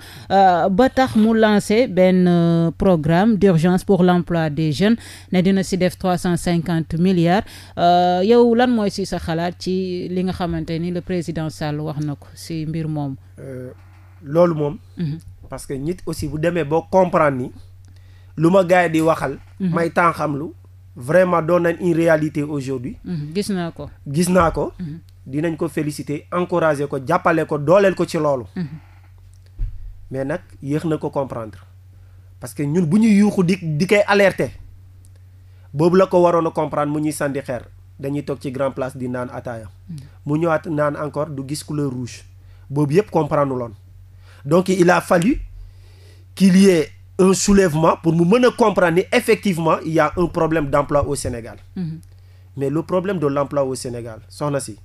ba tax mu lancé benn programme d'urgence pour l'emploi des jeunes ne dina si def trois cent cinquante milliards yow lan mooy si sax xalaat ci li nga xamante ni le président Sall wax na ko si mbir moom. Euh, loolu moom. Mhm. parce que nit aussi bu demee boo comprendre ni lu ma gars di waxal. Mhm. may temps xam lu vraiment doon nañ une réalité aujourd'hui mhm. gis naa ko gis naa ko. dinañ ko féliciter encourager ko jàppale ko dooleel ko ci loolu. mais nag yéex na ko comprendre parce que ñun bu ñuy yuuxu di di koy alerter boobu la ko waroon a comprendre mu ñuy sandi xer dañuy toog ci grand place di naan ataaya hmm. mu ñëwaat naan encore du gis couleur rouge boobu yëpp comprendre loon donc il a fallu qu'il y ait un soulèvement pour mu mën a comprendre ni effectivement il un problème d'emploi au Sénégal hmm. mais le problème doo l'emploi au Sénégal soxna si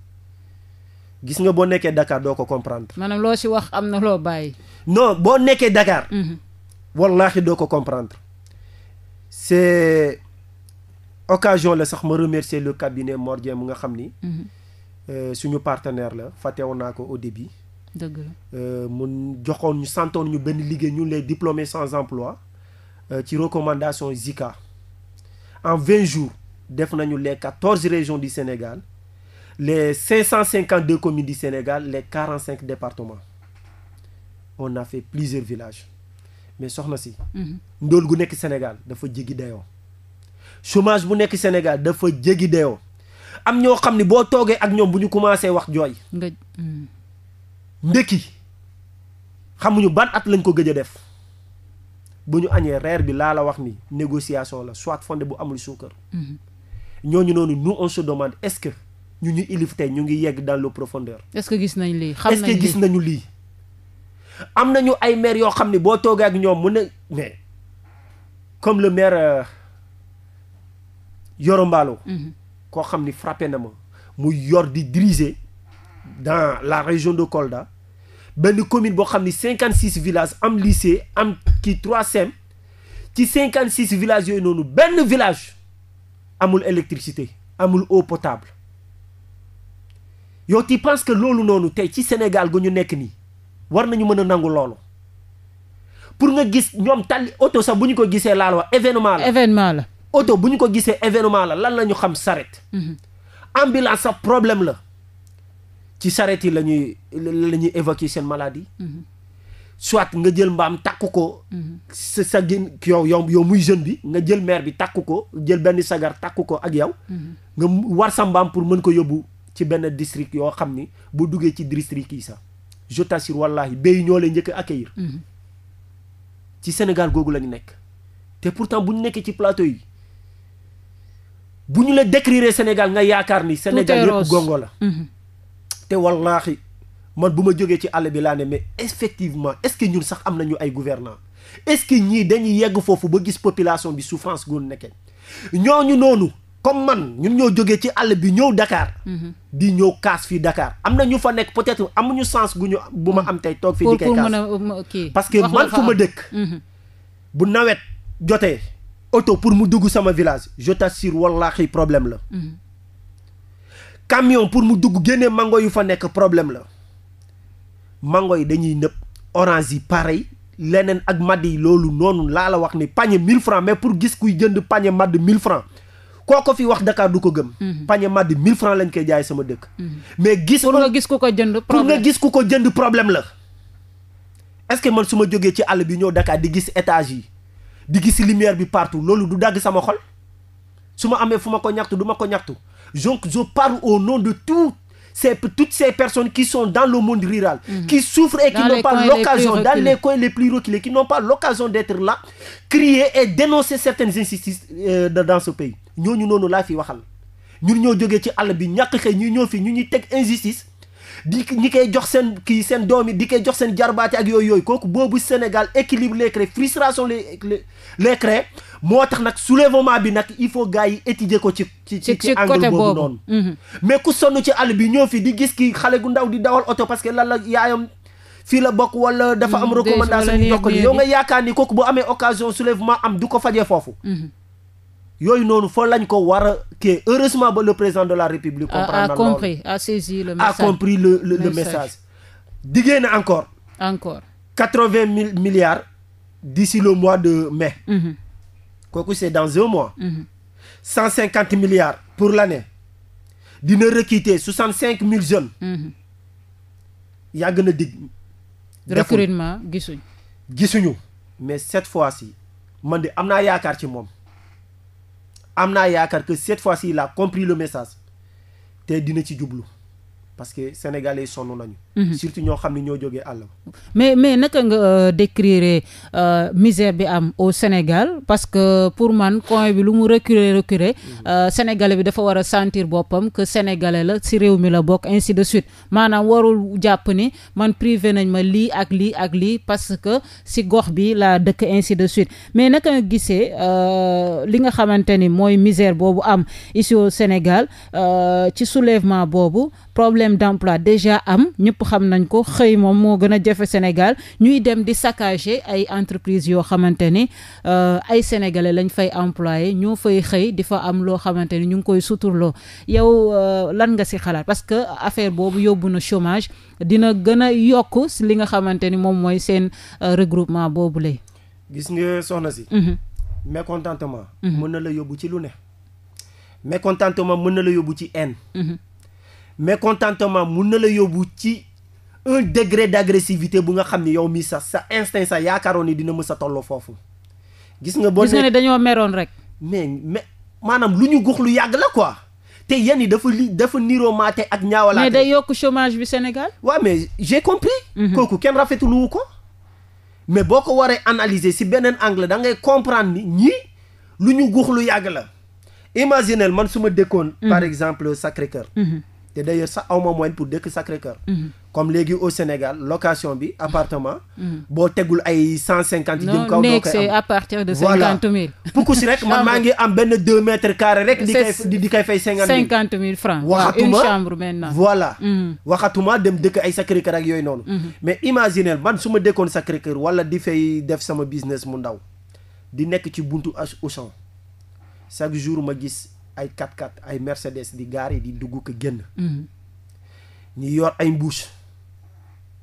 gis nga boo nekkee Dakar doo ko comprendre maanaam loo si wax am na loo bàyyi non boo nekkee Dakar hmm. wallaahi doo ko comprendre c'est occasion la sax ma remercier le cabinet Mor Dieng mu nga xam ni. Mhm. Euh, suñu partenaire la fàttewoon naa ko au début. dëgg la euh, joxoon ñu santoon ñu benn liggéey ñu les diplômés sans emploi euh, ci recommandation Zika en vingt jours def nañu les quatorze régions di Sénégal les cinq cent cinquante deux communes di Sénégal les quarante cinq départements on a fait plusieurs villages mais soxna si. Mhm. ndóol gu nekk Sénégal dafa jéggi dayoo. chômage bu nekk Sénégal dafa jéggi dayoo am ñoo xam ne boo toogee ak ñoom bu ñu commencé wax jooy. Hmm. ndekki xamuñu ban at lañ ko gëj a def bu ñu añee reer bi laa la wax ni négociation la soit fondé bu amul suukar. Hmm. ñu noonu nous on se demande est-ce que ñu ñu ilif ñu ngi yegg dans le profondeur. est-ce que gis nañ lii xam nañ gis nañu lii. am nañu ay maire yoo xam ne boo toogee ak ñoom mu ne mais comme le maire. Euh, Yoro mhm. koo xam ni frappé na ma mu yor di diriger dans la région de Kolda benn commune boo xam ni cinquante six villages am lycée am kii trois ci cinquante six villages yooyu noonu benn village amul électricité amul eau potable yow tu penses que loolu noonu tey ci Sénégal gu ñu nekk nii war nañu mën a nangu loolu pour nga gis ñoom tali oto sax bu ñu ko gisee laal wax événement la la oto bu ñu ko gisee événement la lan la ñu xam saret mhm. ambulance sa problème la ci saret yi lañuy ñuy la ñuy seen maladie mhm. soit nga jël mbaam takk ko mhm. sa sa gin yow yow yow muy jeune bi nga jël maire bi takk ko jël benn sagar takk ko ak yow nga war sa mbaam pour mën ko yóbbu ci benn district yoo xam ni bu duggee ci district yi sax je t'assure wallahi béy ñoo leen njëkk ak accueillir ci Sénégal googu la ñu nekk te pourtant bu ñu nekkee ci plateau yi bu ñu la décrire Sénégal nga yaakaar ni Sénégal yëpp gongo la mhm. te wallaahi man bu ma jógee ci àll bi laa ne mais effectivement est-ce que ñun sax am nañu ay gouvernants est-ce que ñii dañuy yegg foofu ba gis population bi souffrance gu nekkee ñu noonu comme man ñun ñoo jógee ci àll bi ñëw dakaar mhm. di ñëw kaas fii dakaar am na ñu fa nekk peut-être amuñu sens gu ñu bu ma mhm. am tey toog fii. di koy kaas parce que man fu ma dëkk. bu nawet jotee. oto pour mu dugg sama village je t'assure wallaahi problème la. Mhm. camion pour mu dugg génne mango yu fa nekk problème la mango yi dañuy nëb orange yi pareil leneen ak madd yi loolu noonu laa la wax ni pañe 1000 francs mais pour gis kuy jënd pañe madd mille francs koo fi wax Dakar du ko gëm. Mhm. panier madd 1000 francs lañ koy jaay sama dëkk. Mhm. mais gis. pour nga gis ku ko jënd problème nga gis ku ko jënd problème la. est-ce que man su ma jógee ci àll bi ñëw Dakar di gis étage yi di gis lumière bi partout loolu du dagg sama xol su ma amee fu ma ko ñaxtu du ma ko ñaxtu donc je parle au nom de tout c'est toutes ces personnes qui sont dans le monde rural mmh. qui souffrent et qui n'ont pas l'occasion dans les coins les plus reculés qui n'ont pas l'occasion d'être là crier et dénoncer certaines injustices euh, dans ce pays ñooñu noonu laa fi waxal ñun ñoo jógee ci àll bi ñàkk xëy ñu ñoo fi ñu ñuy teg injustice di ñi koy jox seen kii seen doom yi di koy jox seen jarbaati ak yooyu yooyu kooku boobu Sénégal équilibre lay créé frustration lay lay créé moo tax nag soulèvement bi nag il faut gars yi étudier ko ci ci ci angle boobu noonu mm-hmm. mais ku sonn ci àll bi ñoo fi di gis ki xale gu ndaw di dawal oto parce que lan la yaayam fii la bokk wala dafa am recommandation ñu jox ko yow nga yaakaar ni kooku boo amee occasion soulèvement am du ko fajee foofu mm-hmm. yooyu noonu fa lañ ko war a kii heureusement ba le président de la république. comprendre na loolu a compris a saisi le message a compris le le, le message. diggee na encore. encore quatre vingt mille milliards d'ici le mois de mai. Mm-hmm. kooku mm dans un mois. Mm-hmm. cent cinquante -hmm. milliards pour l'année dina recruter soixante cinq mille jeunes. Mm-hmm. yàgg na dig. recrutement gisuñ gisuñu mais cette fois si man de am naa yaakaar ci moom. am naa yaakaar que cette fois si il a compris le message te dina ci jublu parce que sénégalais sonn nañu Mm-hmm. surtout ñoo xam ne ñoo jógee àll. mais mais naka nga euh, décrire euh, misère bi am au Sénégal parce que pour man coin bi lu mu reculer reculer mm-hmm. euh, sénégalais bi dafa war a sentir boppam que sénégalais la si réew mi la bokk ainsi de suite maanaam warul jàpp ni man privé nañ ma lii ak lii ak lii parce que si gox bi laa dëkk ainsi de suite mais naka nga gisee li nga xamante ni mooy misère boobu am ici au Sénégal ci soulèvement boobu problème d'emploi déjà am ñëpp ñëpp xam nañ ko xëy moom moo gën a jafe Sénégal ñuy dem di saccagé ay entreprises yoo xamante ni euh, ay sénégalais lañ fay employé ñoo fay xëy di fa am loo xamante ni ñu ngi koy suturloo yow euh, lan nga si xalaat parce que affaire boobu yóbbu na chômage dina gën a yokk si li nga xamante ni moom mooy seen euh, regroupement boobu lay gis nga soxna mhm. mécontentement. Mhm. mën na la yóbbu ci lu ne. mécontentement mën na la yóbbu ci haine. Mhm. na la yóbbu ci un degré d'agressivité bu nga xam ni yow mii sax sa instinct sa yaakaaroon ni dina mës a tolloo foofu. gis nga boo gis nga ne dañoo meroon rek. mais mais maanaam lu ñu gux lu yàgg la quoi te yan yi dafa li dafa niroo maate ak ñaawalaate. mais day yokk chômage bi Sénégal. waa mais j'ai compris. Mm-hmm. kooku kenn rafetlu ko. mais boo ko waree analyser si beneen angle da ngay comprendre ni ñii lu ñu gux lu yàgg la imaginel man su ma dëkkoon. par mm-hmm. exemple sacré mm-hmm. te d'ailleurs sax awma moyen pour dëkk Sacré-Cœur mhm. comme léegi au Sénégal location bi appartement mhm. boo tegul ay cent cinquante jëm kaw doo koy am à partir de cinquante mille pukku man maa ngi am benn deux mètres carrés rek di koy di koy fay cinquante mille francs waxatuma une chambre maintenant voilà mhm. waxatuma dem dëkk ay Sacré-Cœur ak yooyu noonu mais imaginez man su ma dëkkoon Sacré-Cœur wala di fay def sama business mu ndaw di nekk ci buntu Auchan chaque jour ma gis ay 4x4 ay Mercedes di gaare di dugg ko génn. Mm-hmm. ñu yor ay mbuus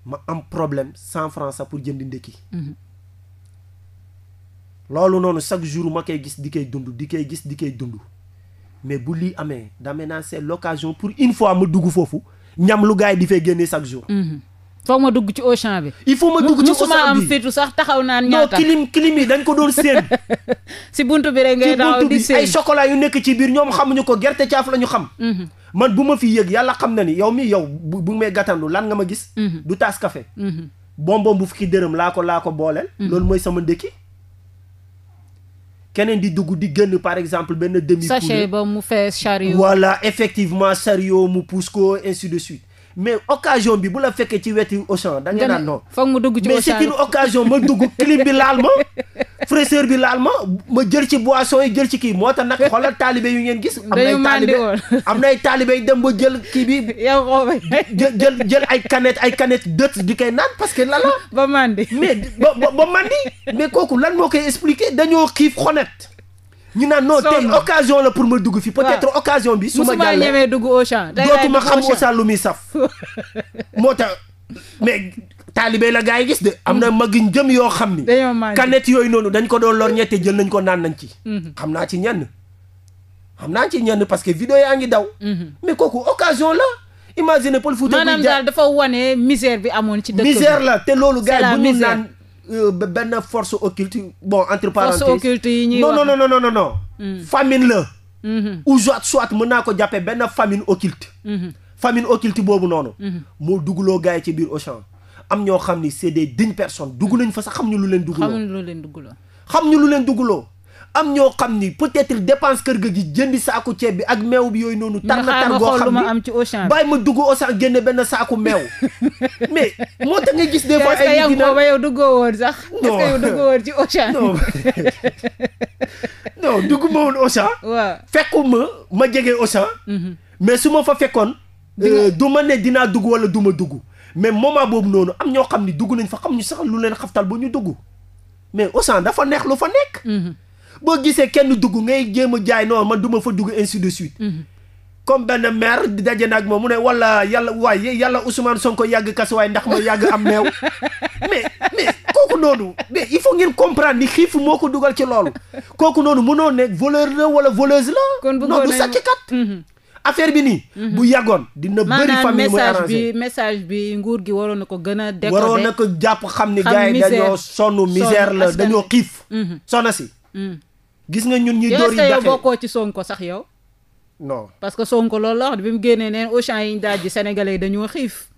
ma am problème cent franc pour jënd ndekki. Mm-hmm. loolu noonu chaque jour ma koy gis di koy dund di koy gis di koy dund mais bu lii amee damay naan c'est l'occasion pour une fois ma dugg foofu ñam lu gars yi di fay génnee chaque jour. Mm-hmm. foog ma dugg ci Auchan bi. il ma dugg am fitu sax taxaw naan ñaata. non kilim kilim yi dañ ko doon séen. si buntu bi rek ngay daaw di séen ay chocolat yu nekk ci biir ñoom xamuñu ko gerte caaf la ñu xam. Mhm. man bu ma fi yëg yàlla xam na ni yow mi yow bu bu may gàttandu lan nga ma gis. Mhm. du taas café. Mhm. bonbon bu ki dërëm laa ko laa ko booleel. loolu mooy sama ndëkki. keneen di dugg di génn par exemple benn demi. sachet ba mu fees chariot. walla effectivement chariot mu pousse ko ainsi de suite. mais occasion bi bu la fekkee ci wetu Auchan da nga naan non. foog mu dugg ci mais c'est une occasion ma dugg clim bi laal ma fraîcheur bi laal ma ma jël ci boisson yi jël ci kii moo tax nag xoolal taalibe yu ngeen gis. am nay taalibe am nay taalibe dem ba jël kii bi. yow xoobay jël jël ay canette ay canette dëtt di kay naan parce que la la. ba mandi mais ba ba mandi mais kooku lan moo koy expliquer dañoo kii xonet. ñu naan non tey occasion la pour ma dugg fi peut-être occasion bi. su ma jàllee ñemee dugg Auchan. dootuma xam Auchan lu muy saf. moo tax mais taalibe la gars yi gis de. am na mm. magin jëm yoo xam ni. kanet yooyu noonu dañ ko doon lor mm. ñette jël nañ ko naan nañ ci. Mm-hmm. xam naa ci ñenn. xam naa ci ñenn parce que vidéo yaa ngi daw. Mm-hmm. mais kooku occasion la. imagine Pël Fuuta. maanaam daal dafa wane misère bi amoon ci dëkk bi misère la te loolu. gars yi bu ñu naan. Euh, benn force occulte bon entre parenthèses force occulte yi ñuy wax non no non hmm. famine la. Mm -hmm. ou soit soit mën naa ko jàppee benn famine occulte. Mm -hmm. famine occulte boobu noonu. Hmm. moo dugloo gars yi ci biir Auchan. am ñoo xam ni c'est des dignes personne dugg nañ fa sax xam ñu lu leen. dugguloo xam ñu lu leen dugguloo. xam ñu lu leen dugguloo am ñoo xam ni peut-être dépense kër ga gi jënd saaku ceeb bi ak meew bi yooyu noonu. tar na tar goo xam ni bàyyi ma dugg Auchan génne benn saaku meew. mais moo tax nga gis des fois. ay nit dina duggoo woon sax. non est-ce que yow duggoo woon ci Auchan. non non dugguma ma jege Auchan. Mhm. mais su ma fa fekkoon. Euh. du ma ne dinaa dugg wala du ma dugg. mais moment boobu noonu am ñoo xam ni dugg nañ fa xam ñu sax lu leen xaftal ba ñu dugg mais Auchan dafa neex lu fa nekk. Mhm. boo gisee kenn dugg ngay jéem a jaay noonu ma duma ma fa dugg ainsi de suite. Mhm. comme benn maire daje na ak moom mu ne wala yàlla waaye yàlla Ousmane Sonko yàgg kaso waaye ndax ma yàgg am meew mais mais kooku noonu mais il faut ngeen comprendre ni xiif moo ko dugal ci loolu kooku noonu mënoo ne voleur la wala voleuse la. kon non du sàcc kat. Mhm. affaire bi nii. Mhm. bu yàggoon dina bëri famille muy arrangé message bi nguur gi waroon na ko gën a. décoder waroon jàpp xam ni gars yi dañoo sonn misère la dañoo xiif. gis nga ñun ñuy door yi daxee bokkoo ci Sonko sax yow. non parce que Sonko loolu la wax bi mu génnee neen Auchan yi ñu daaj ji sénégalais yi dañoo xiif.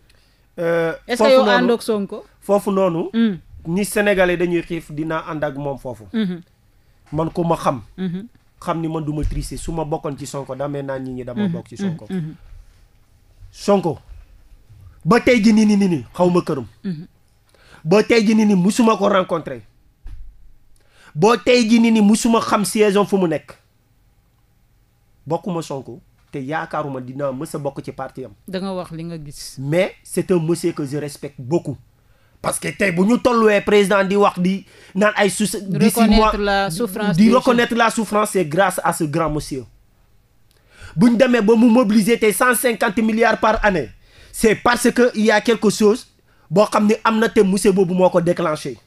Euh, est ce Sonko. foofu noonu. ni hmm. sénégalais dañuy xiif dinaa ànd ak moom foofu. Hmm. man ko ma xam. Hmm. xam ni man du ma tricher su ma bokkoon ci Sonko damee naa ñi ñi dama bokk ci Sonko. Sonko ba tey ji nii nii nii xaw ma këram. ba tey ji nii musuma ko rencontré. boo tey ji ni ni musuma xam saison fu mu nekk bokkuma Sonko te yaakaaruma dinaa mës bokk ci parti am. da nga wax li nga gis. mais c'est un monsieur que je respecte bokku parce que tey bu ñu tolluwee président di wax di naan ay. su di six mois di reconnaître la souffrance c'est grâce à ce grand monsieur. bu ñu demee ba mu mobiliser tey cent cinquante milliards par année c'est parce que il y a quelque chose boo xam ni am na te monsieur boobu moo ko déclenché.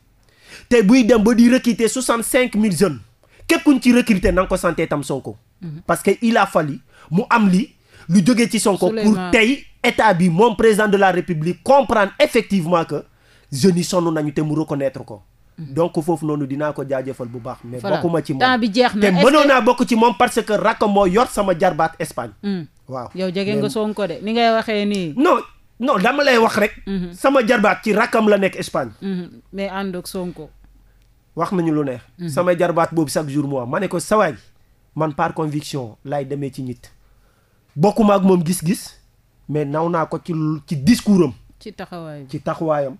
te buy dem ba di recruter soixante cinq mille jeunes képp kuñ ci recruter na nga ko santé tam Sonko. Mhm. parce que il a fallu mu am li lu jógee ci son Sonko. pour tey état bi moom président de la république comprendre effectivement que jeunes yi sonn nañu te mu reconnaître ko. Mhm. donc foofu noonu dinaa ko jaajëfal bu baax. mais bokkuma ci moom bi jeex na te mënoon naa bokk ci moom parce que rakk moo yor sama jarbaat Espagne. Mm. waaw yow jege nga Sonko de ni ngay waxee nii. non non dama lay wax rek. Mhm. sama jarbaat ci rakkam la nekk Espagne. Mhm. mais ànd ak Sonko. wax nañu lu neex. Mhm. sama jarbaat boobu chaque jour mu am ma ne ko sawaay man par conviction laay demee ci nit. bokkuma ak moom gis-gis mais naw naa ko ci ci discours am. ci taxawaayam ci taxawaayam.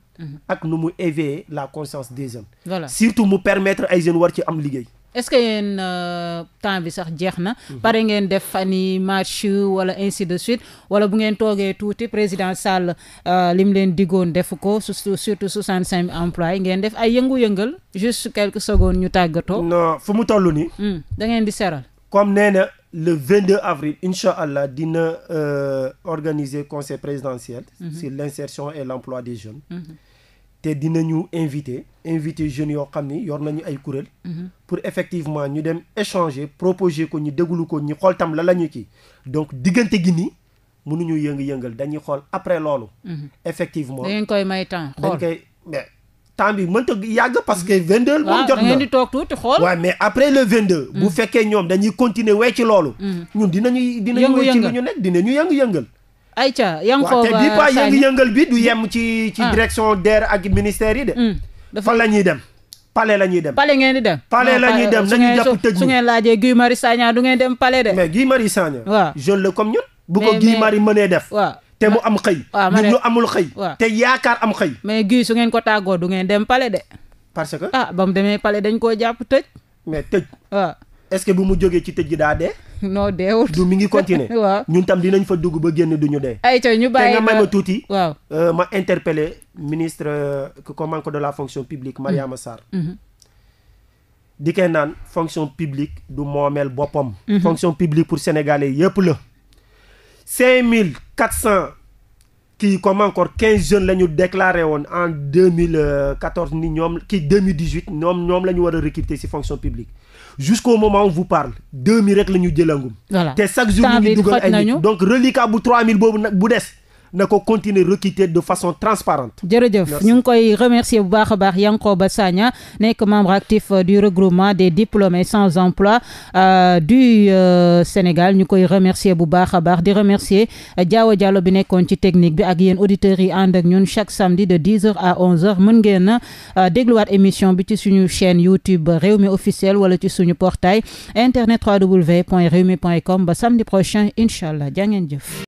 ak nu mu éveiller la conscience des jeunes. voilà surtout mu permettre ay jeunes war ci am liggéey. est-ce que yéen euh, temps bi sax jeex na. Mhm. pare ngeen def fan yi marche wala ainsi de suite wala bu ngeen toogee tuuti président euh, li mu leen digoon def ko surtout 65 emplois ngeen def ay yëngu-yëngal juste quelques secondes ñu tàggatoo. non fu mu toll nii. Hmm, da ngeen di seral. comme nee na le 22 avril incha allah dina euh, organiser conseil présidentiel. Mhm. sur l'insertion et l'emploi des jeunes. Mhm. te ñu invité invité jeunes yoo xam ni yor nañu ay kuréel. Mhm. pour effectivement ñu dem échanger proposer ko ñu déglu ko ñu xool tam la la ñu kii donc diggante gi nii mënuñu yëngu-yëngal dañuy xool après loolu. Mhm. effectivement dañ koy may temps xool dañ koy mais temps mënta yàgg parce que 22. moom jot na ngeen di toog tuuti xool. waaw mais après le 22. Mhm. bu fekkee ñoom dañuy continuer wee ci loolu. ñun dinañuy dinañu wee ñu lu ñu nekk dinañu yëngu-yëngal. ay Yankoba Sagne waaw te euh, yëngal bi du yem ci ah. ci direction DER ak ministère yi de. Hmm. dafa fan la ñuy dem. pale la ñuy dem palais ngeen di dem. palais la ñuy dem nañu jàpp tëj su ngeen laajee Guy Marius Sagna du ngeen dem palais de. gii mari Marius Sagna. jeune la comme ñun. bu ko Guy Marius mënee def. waaw te mu am xëy. waaw ñun ñu amul xëy. te yaakaar am xëy. mais Guy su ngeen ko tàggoo du ngeen dem pale de. parce que ah ba mu demee palais dañ koo jàpp tëj. mais tëj waaw. est-ce que bu mu jógee ci tëj gi daa dee. non du mi ngi continuer. waaw ñun tam dinañ fa dugg ba génn du ñu dee. ay ñu bàyyi te nga may ma tuuti. waaw euh, ma interpeller ministre euh, commande de la fonction publique Mariama Sarr. Mm-hmm. Mm-hmm. di koy naan fonction publique du moomeel boppam. Mm-hmm. fonction publique pour sénégalais yëpp la. cinq mille quatre cent kii comme quinze jeunes la ñu déclaré woon en deux mille euh, quatorze ni ñoom kii deux mille dix huit ñoom ñoom la ñu war a recruter ci publique. jusqu'au moment où vous parle deux mille rek la ñu jëlangum. voilà te chaque jour ñu ngi dugal ay donc reliquat bu trois mille boobu nag bu des. na ko continuer recruter de façon transparente jërëjëf ñu ngi koy remercier bu baax a baax ba Sagna nekk membre actif euh, du regroupement des diplômés sans emploi euh, du euh, Sénégal ñu koy remercier bu baax a baax di remercier jaawo Diallo bi nekkoon ci technique bi ak yéen auditeurs yi ànd ak ñun chaque samedi de 10 heures à 11 heures mën ngeen émission bi ci suñu chaîne YouTube Rewmi officiel wala ci suñu portail internet www.rewmi.com ba samedi prochain incha allah jaa jëf